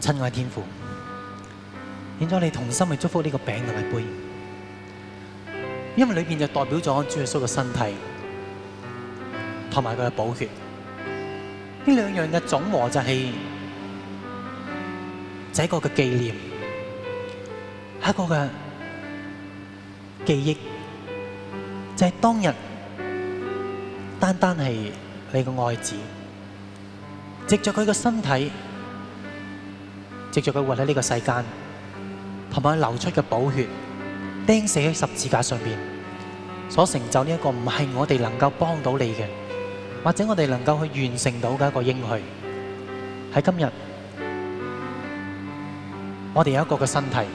親愛天父，願咗你同心去祝福呢個餅同埋杯，因為裏邊就代表咗主耶穌嘅身體同埋佢嘅寶血。呢兩樣嘅總和就係，就係一個嘅紀念。一個嘅記憶，就係、是、當日單單係你個愛子，藉著佢個身體，藉著佢活喺呢個世間，同埋佢流出嘅寶血，釘死喺十字架上面。所成就呢一個唔係我哋能夠幫到你嘅，或者我哋能夠去完成到嘅一個應許。喺今日，我哋有一個身體。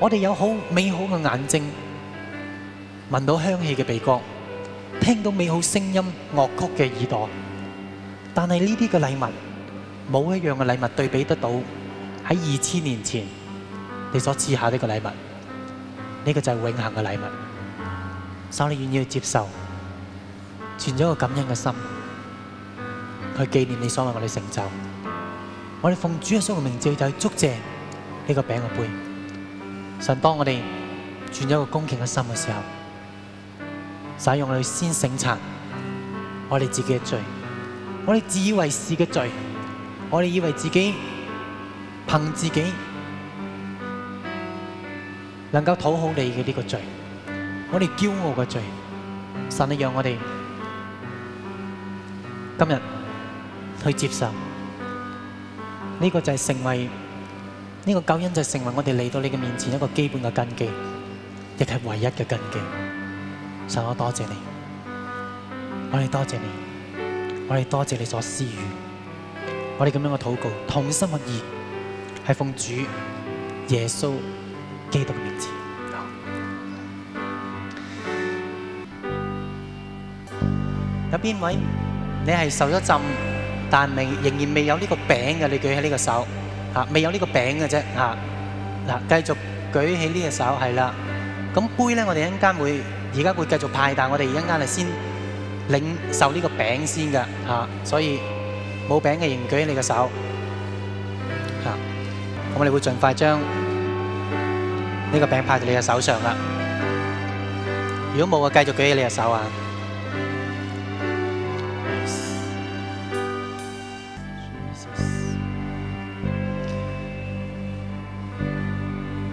我哋有好美好嘅眼睛，聞到香氣嘅鼻哥，聽到美好聲音樂曲嘅耳朵，但係呢啲嘅禮物，冇一樣嘅禮物對比得到喺二千年前你所賜下呢個禮物。呢、這個就係永恒嘅禮物。所以你願意要接受，存咗個感恩嘅心，去紀念你所為我哋成就。我哋奉主耶穌嘅名字就係祝福呢個餅嘅杯。神當我哋轉咗個恭敬嘅心嘅時候，使用佢先省察我哋自己嘅罪，我哋自以為是嘅罪，我哋以為自己憑自己能夠討好你嘅呢個罪，我哋驕傲嘅罪，神你讓我哋今日去接受呢個，就係成為。呢、這個救恩就成為我哋嚟到你嘅面前一個基本嘅根基，亦係唯一嘅根基。神，我多謝你，我哋多謝你，我哋多謝你所施予。我哋咁樣嘅禱告，同心合意，係奉主耶穌基督嘅名字。有、嗯、邊位你係受咗浸，但未仍然未有呢個餅嘅？你舉起呢個手。嚇，未有呢個餅嘅啫，嚇，嗱，繼續舉起呢隻手，係啦，咁杯咧，我哋一陣間會，而家會繼續派，但係我哋一陣間係先領受呢個餅先㗎，嚇，所以冇餅嘅仍然舉起你嘅手，嚇，咁我哋會盡快將呢個餅派到你嘅手上啦。如果冇嘅，繼續舉起你嘅手啊！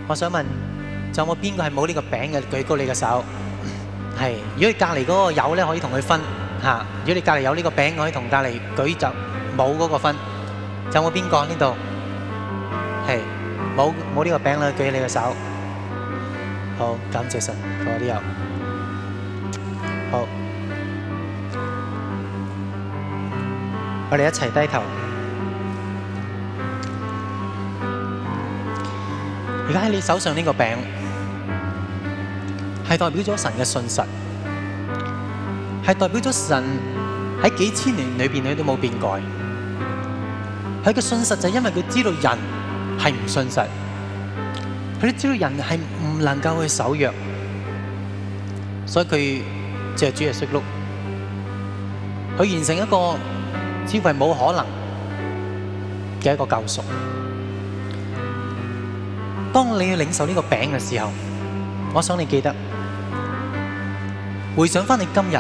我想問，有冇邊個係冇呢個餅嘅？舉高你嘅手。係，如果你隔離嗰個有咧，可以同佢分。嚇，如果你隔離有呢個餅，我可以同隔離舉就冇嗰個分。有冇邊個喺呢度？係，冇冇呢個餅咧，舉起你嘅手。好，感謝神，求啲油。好，我哋一齊低頭。而家喺你手上呢個餅，係代表咗神嘅信實，係代表咗神喺幾千年裏邊你都冇變改。佢嘅信實就係因為佢知道人係唔信實，佢都知道人係唔能夠去守約，所以佢藉主耶穌祿，去完成一個似乎係冇可能嘅一個救贖。當你要領受呢個餅嘅時候，我想你記得回想翻你今日，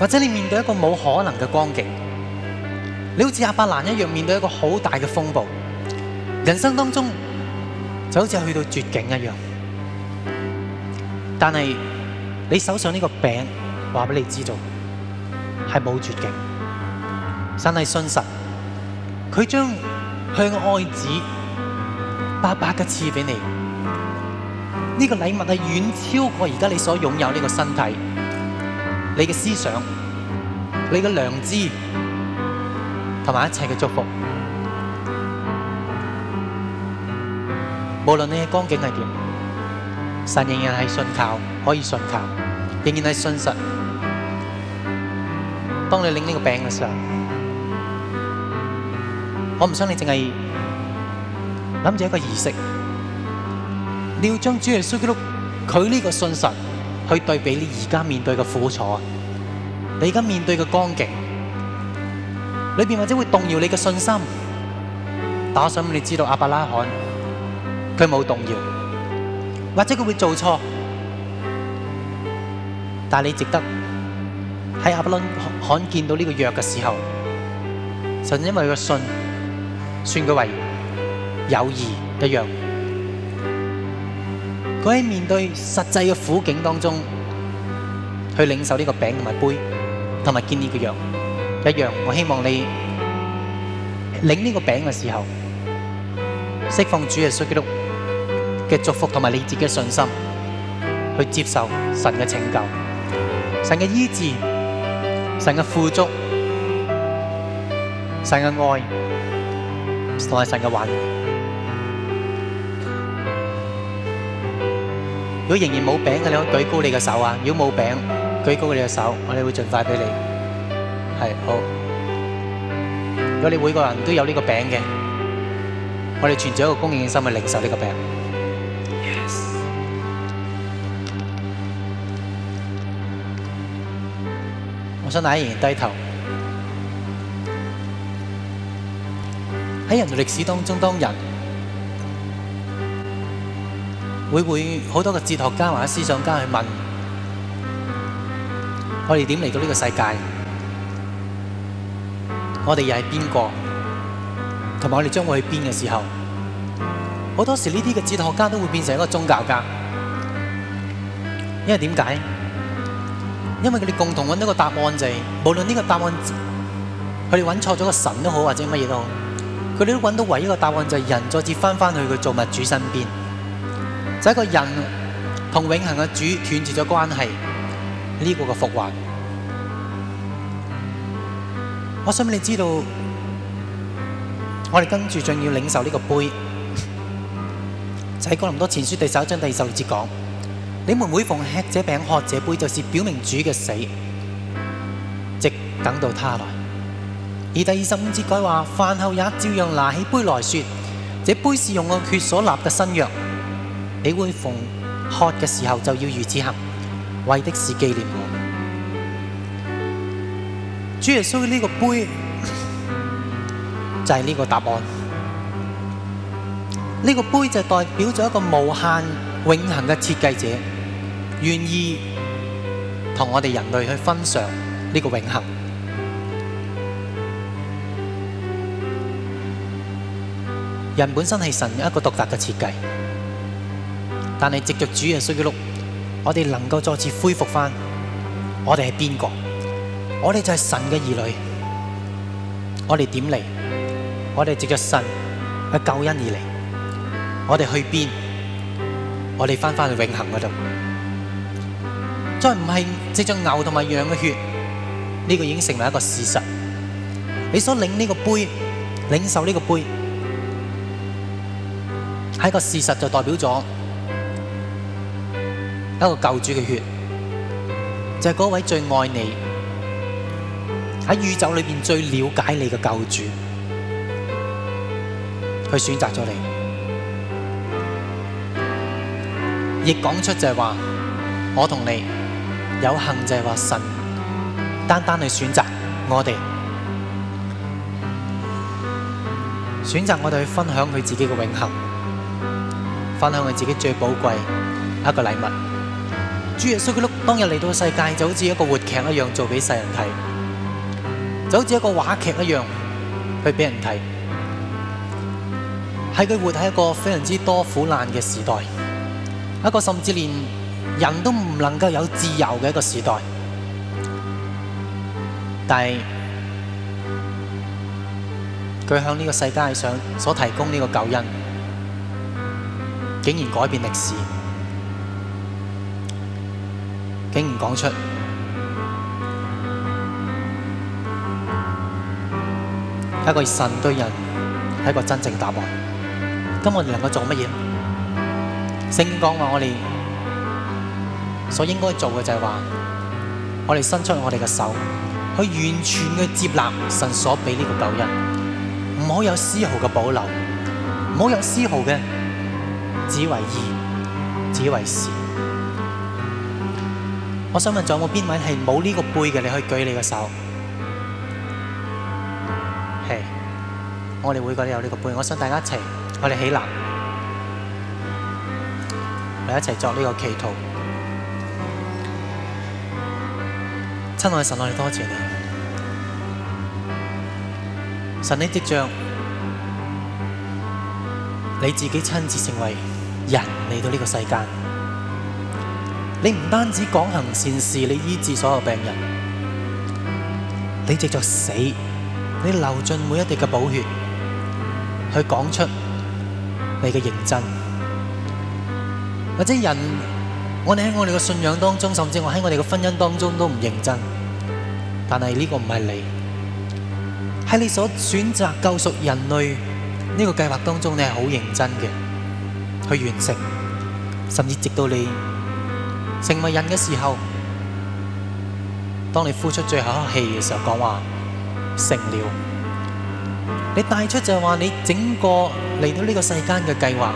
或者你面對一個冇可能嘅光景，你好似阿伯蘭一樣面對一個好大嘅風暴，人生當中就好似去到絕境一樣。但係你手上呢個餅，話俾你知道係冇絕境，真係信實，佢將向愛子。爸爸嘅賜俾你，呢個禮物係遠超過而家你所擁有呢個身體、你嘅思想、你嘅良知同埋一切嘅祝福。無論你嘅光景係點，神仍然係信靠，可以信靠，仍然係信實。當你領呢個餅嘅時候，我唔想你淨係。諗住一個儀式，你要將主耶穌基督佢呢個信實，去對比你而家面對嘅苦楚，你而家面對嘅光景，裏邊或者會動搖你嘅信心。但我想你知道，亞伯拉罕佢冇動搖，或者佢會做錯，但係你值得喺亞伯拉罕見到呢個約嘅時候，神因為佢嘅信，算佢為義。友誼一樣。如果仍然冇餅嘅，你可以舉高你嘅手啊！如果冇餅，舉高你嘅手，我哋會盡快俾你。係好。如果你每個人都有呢個餅嘅，我哋存著一個供應心去領受呢個餅。Yes。我想大家仍然低頭。喺人類歷史當中，當人，會會好多嘅哲學家或者思想家去問我哋點嚟到呢個世界，我哋又係邊個，同埋我哋將會去邊嘅時候，好多時呢啲嘅哲學家都會變成一個宗教家，因為點解？因為佢哋共同揾到個答案就係，無論呢個答案佢哋揾錯咗個神都好，或者乜嘢都好，佢哋都揾到唯一個答案就係一一人再次返返去佢造物主身邊。就係一個人同永恒的主斷絕咗關係，呢個嘅復還。我想畀你知道，我哋跟住仲要領受呢個杯。就喺，是《哥林多前書》第十一章第二十六節講：你們每逢吃這餅、喝這杯，就是表明主的死，直等到他來。而第二十五節佢話：飯後也照樣拿起杯來說：這杯是用我血所立的新約。你會逢喝嘅時候就要如此行，為的是紀念我。主耶穌呢個杯就係呢個答案。呢個杯就代表咗一個無限永恒嘅設計者，願意同我哋人類去分享呢個永恒。人本身係神一個獨特嘅設計。但係藉着主耶穌基督，我哋能夠再次恢復翻。我哋係邊個？我哋就係神嘅兒女。我哋點嚟？我哋藉着神嘅救恩而嚟。我哋去邊？我哋翻翻去永恒嗰度。再唔係藉着牛同埋羊嘅血，呢個已經成為一個事實。你所領呢個杯，領受呢個杯，係一個事實，就代表咗。一個救主嘅血，就係嗰位最愛你，喺宇宙裏面最了解你嘅救主，佢選擇咗你，亦講出就係話，我同你有幸就係話神單單去選擇我哋，選擇我哋去分享佢自己嘅永恒，分享佢自己最寶貴一個禮物。主耶穌佢碌當日嚟到世界，就好似一個活劇一樣做俾世人睇，就好似一個話劇一樣去俾人睇。係佢活喺一個非常之多苦難嘅時代，一個甚至連人都唔能夠有自由嘅一個時代。但係佢向呢個世界上所提供呢個救恩，竟然改變歷史。竟唔講出一個神對人係一個真正答案。咁我哋能夠做乜嘢咧？聖經講話我哋所應該做嘅就係話，我哋伸出我哋嘅手去完全去接納神所俾呢個救恩，唔好有絲毫嘅保留，唔好有絲毫嘅只為義，只為善。我想問，仲有冇邊位係冇呢個背嘅？你可以舉你個手。係，我哋每個都有呢個背。我想大家一齊，我哋起立，我哋一齊作呢個祈禱。親愛神，我哋多謝你。神，你藉著你自己親自成為人嚟到呢個世界。你唔單止講行善事，你醫治所有病人，你藉着死，你流盡每一滴嘅寶血，去講出你嘅認真。或者人，我哋喺我哋嘅信仰當中，甚至在我喺我哋嘅婚姻當中都唔認真，但係呢個唔係你在你所選擇救贖人類呢，這個計劃當中你是好認真嘅去完成，甚至直到你。成為人嘅時候，當你呼出最後一口氣嘅時候，講話成了，你帶出就係話你整個嚟到呢個世間嘅計劃，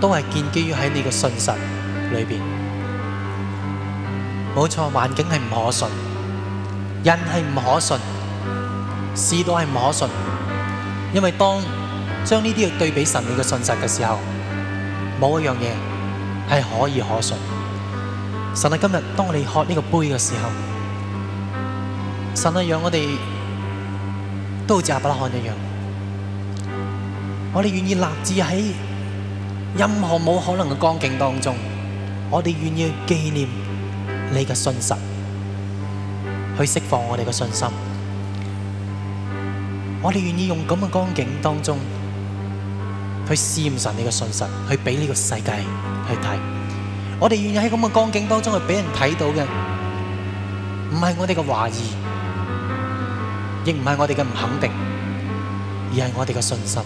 都係建基於喺你嘅信實裏面。冇錯，環境係唔可信，人係唔可信，事都係唔可信。因為當將呢啲去對比神你嘅信實嘅時候，冇一樣嘢係可以可信的，神啊！今日當我哋喝呢個杯嘅時候，神啊，讓我哋都好似亞伯拉罕一樣，我哋願意立志喺任何冇可能嘅光景當中，我哋願意去紀念你嘅信實，去釋放我哋嘅信心，我哋願意用咁嘅光景當中去試驗神你嘅信實，去俾呢個世界。睇，我哋願意喺咁嘅光景當中去俾人睇到嘅，唔係我哋嘅懷疑，亦唔係我哋嘅唔肯定，而係我哋嘅信心。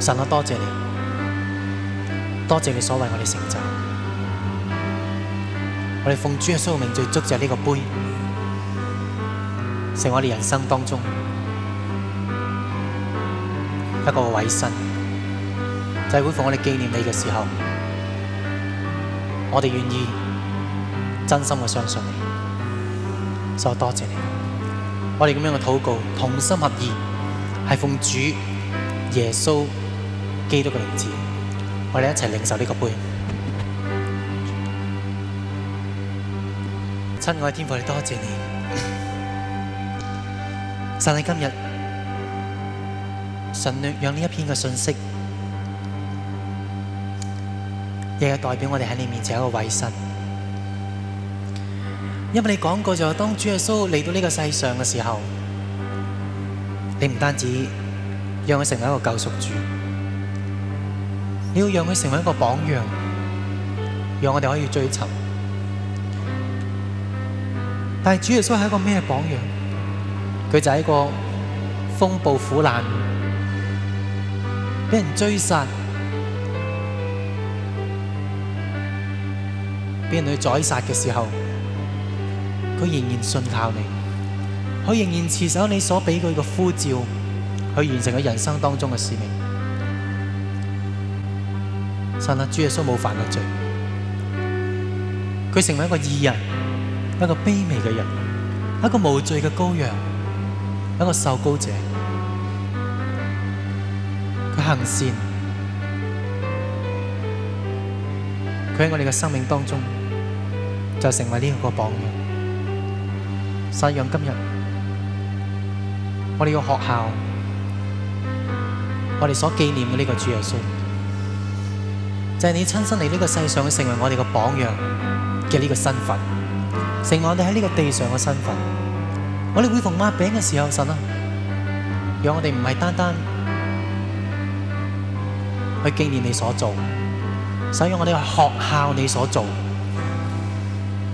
神啊，多謝你，多謝你所為我哋成就。我哋奉主嘅聖名最足就係呢個杯，成我哋人生當中一個委身。就係會奉我哋紀念你嘅時候，我哋願意真心嘅相信你，所以多謝你，我哋咁樣嘅禱告，同心合意，係奉主耶穌基督嘅名字，我哋一齊領受呢個杯。親愛天父，多謝你，但係今日神讓呢一篇嘅信息。亦代表我哋喺你面前有一個位置，因為你講過，就當主耶穌嚟到呢個世上嘅時候，你唔單止讓佢成為一個救贖主，你要讓佢成為一個榜樣，讓我哋可以追尋。但係主耶穌係一個咩榜樣？佢就係一個風暴苦難，俾人追殺。俾人去宰殺嘅時候，佢仍然信靠你，佢仍然持守你所俾佢嘅呼召，去完成佢人生當中嘅使命。神啦、啊，主耶穌冇犯過罪，佢成為一個義人，一個卑微嘅人，一個無罪嘅羔羊，一個受膏者，佢行善，佢喺我哋嘅生命當中。就成為呢個榜樣。信仰今日，我哋要學效，我哋所紀念嘅呢個主耶穌，就係、是、你親身嚟呢個世上，成為我哋個榜樣嘅呢個身份，成為我哋喺呢個地上嘅身份。我哋每逢擘餅嘅時候，神啊，讓我哋唔係單單去紀念你所做，所以我哋要學效你所做。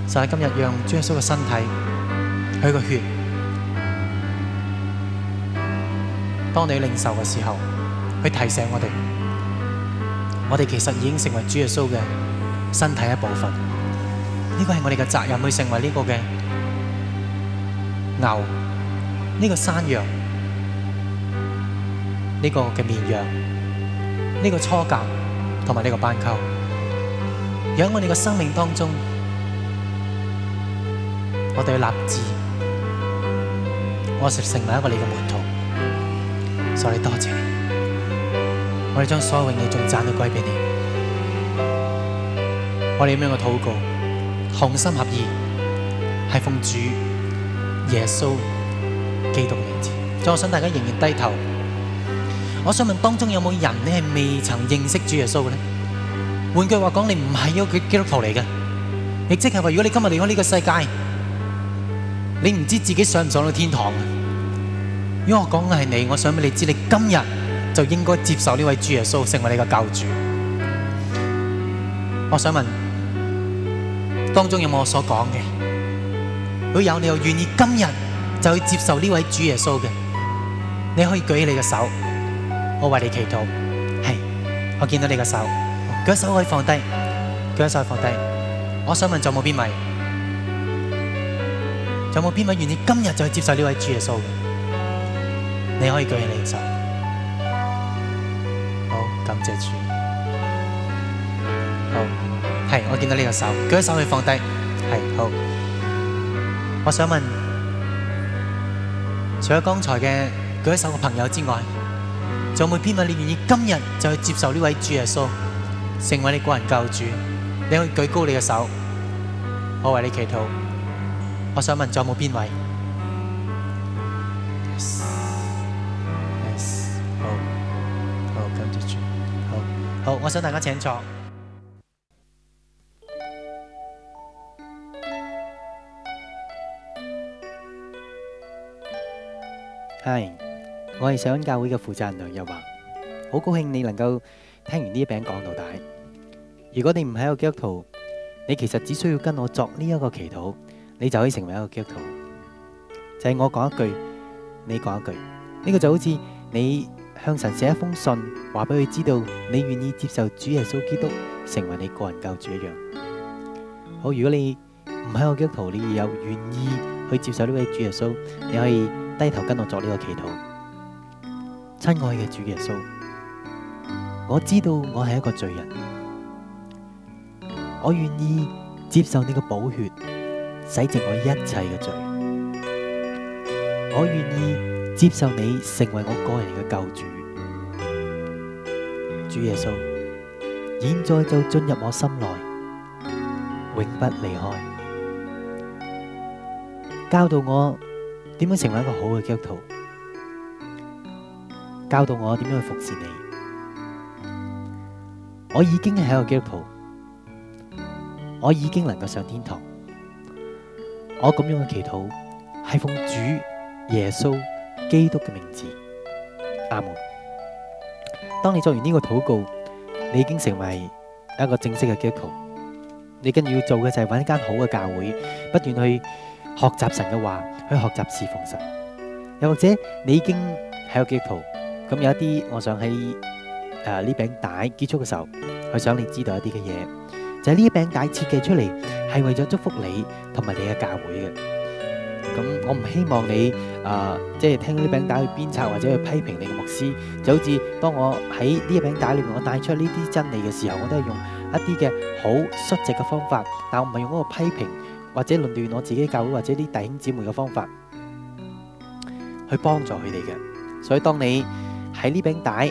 就喺今日，讓主耶穌嘅身體、佢嘅血，當你領受嘅時候，佢提醒我哋，我哋其實已經成為主耶穌嘅身體一部分。呢個係我哋嘅責任，去成為呢個牛、呢個山羊、呢個綿羊、呢個初鴿同埋呢個斑鳩。而喺我哋嘅生命當中，我哋要立志，我成成為一個你嘅門徒，所以多謝你。我哋將所有嘅嘢仲讚到歸俾你。我哋咁樣嘅禱告，同心合意，係奉主耶穌基督嘅名字。所以我想大家仍然低頭。我想問當中有冇人你係未曾認識主耶穌嘅呢？換句話講，你唔係一個基督徒嚟嘅，亦即係話，如果你今日離開呢個世界。你唔知自己上唔上到天堂？如果我講嘅係你，我想俾你知，你今日就應該接受呢位主耶穌成為你嘅救主。我想問當中有冇我所講嘅？如果有，你又願意今日就去接受呢位主耶穌嘅？你可以舉起你嘅手，我為你祈禱。係，我見到你嘅手，舉下手可以放低，舉下手可以放低。我想問仲有冇邊位？有冇邊位願意今日就去接受呢位主耶穌？你可以舉起你嘅手。好，感謝主。好，係，我見到你嘅手，舉手去放低。係，好。我想問，除咗剛才嘅舉手嘅朋友之外，仲有冇邊位你願意今日就去接受呢位主耶穌？成為你個人救主，你可以舉高你嘅手。我為你祈禱。我想問，仲有冇邊位？Yes，Yes，好，好，咁就轉，好，好。我想大家請坐。係，我係上恩教會嘅負責人梁日華。好高興你能夠聽完呢一餅講到底。如果你唔係個基督徒，你其實只需要跟我作呢一個祈禱。你就可以成為一個基督徒，就係我講一句，你講一句，呢個就好似你向神寫一封信，話俾佢知道你願意接受主耶穌基督成為你個人救主一樣。好，如果你唔係我基督徒，你有願意去接受呢位主耶穌，你可以低頭跟我作呢個祈禱。親愛嘅主耶穌，我知道我係一個罪人，我願意接受你嘅寶血。洗淨我一切嘅罪，我願意接受你成為我個人嘅救主。主耶穌，現在就進入我心內，永不離開。教導我點樣成為一個好嘅基督徒，教導我點樣去服侍你。我已經係一個基督徒，我已經能夠上天堂。我咁樣嘅祈禱係奉主耶穌基督嘅名字，阿門。當你做完呢個禱告，你已經成為一個正式嘅基督徒。你跟住要做嘅就係揾一間好嘅教會，不斷去學習神嘅話，去學習侍奉神。又或者你已經係個基督徒，咁有一啲，我想喺誒呢餅帶結束嘅時候，我想你知道一啲嘅嘢。呢、就是、一餅帶設計出嚟，係為咗祝福你同埋你嘅教會嘅。咁我唔希望你啊，即、呃、係、就是、聽呢餅帶去鞭策或者去批評你嘅牧師。就好似當我喺呢一餅帶裏面，我帶出呢啲真理嘅時候，我都係用一啲嘅好率直嘅方法，但我唔係用嗰個批評或者論斷我自己教會或者啲弟兄姊妹嘅方法去幫助佢哋嘅。所以當你喺呢餅帶，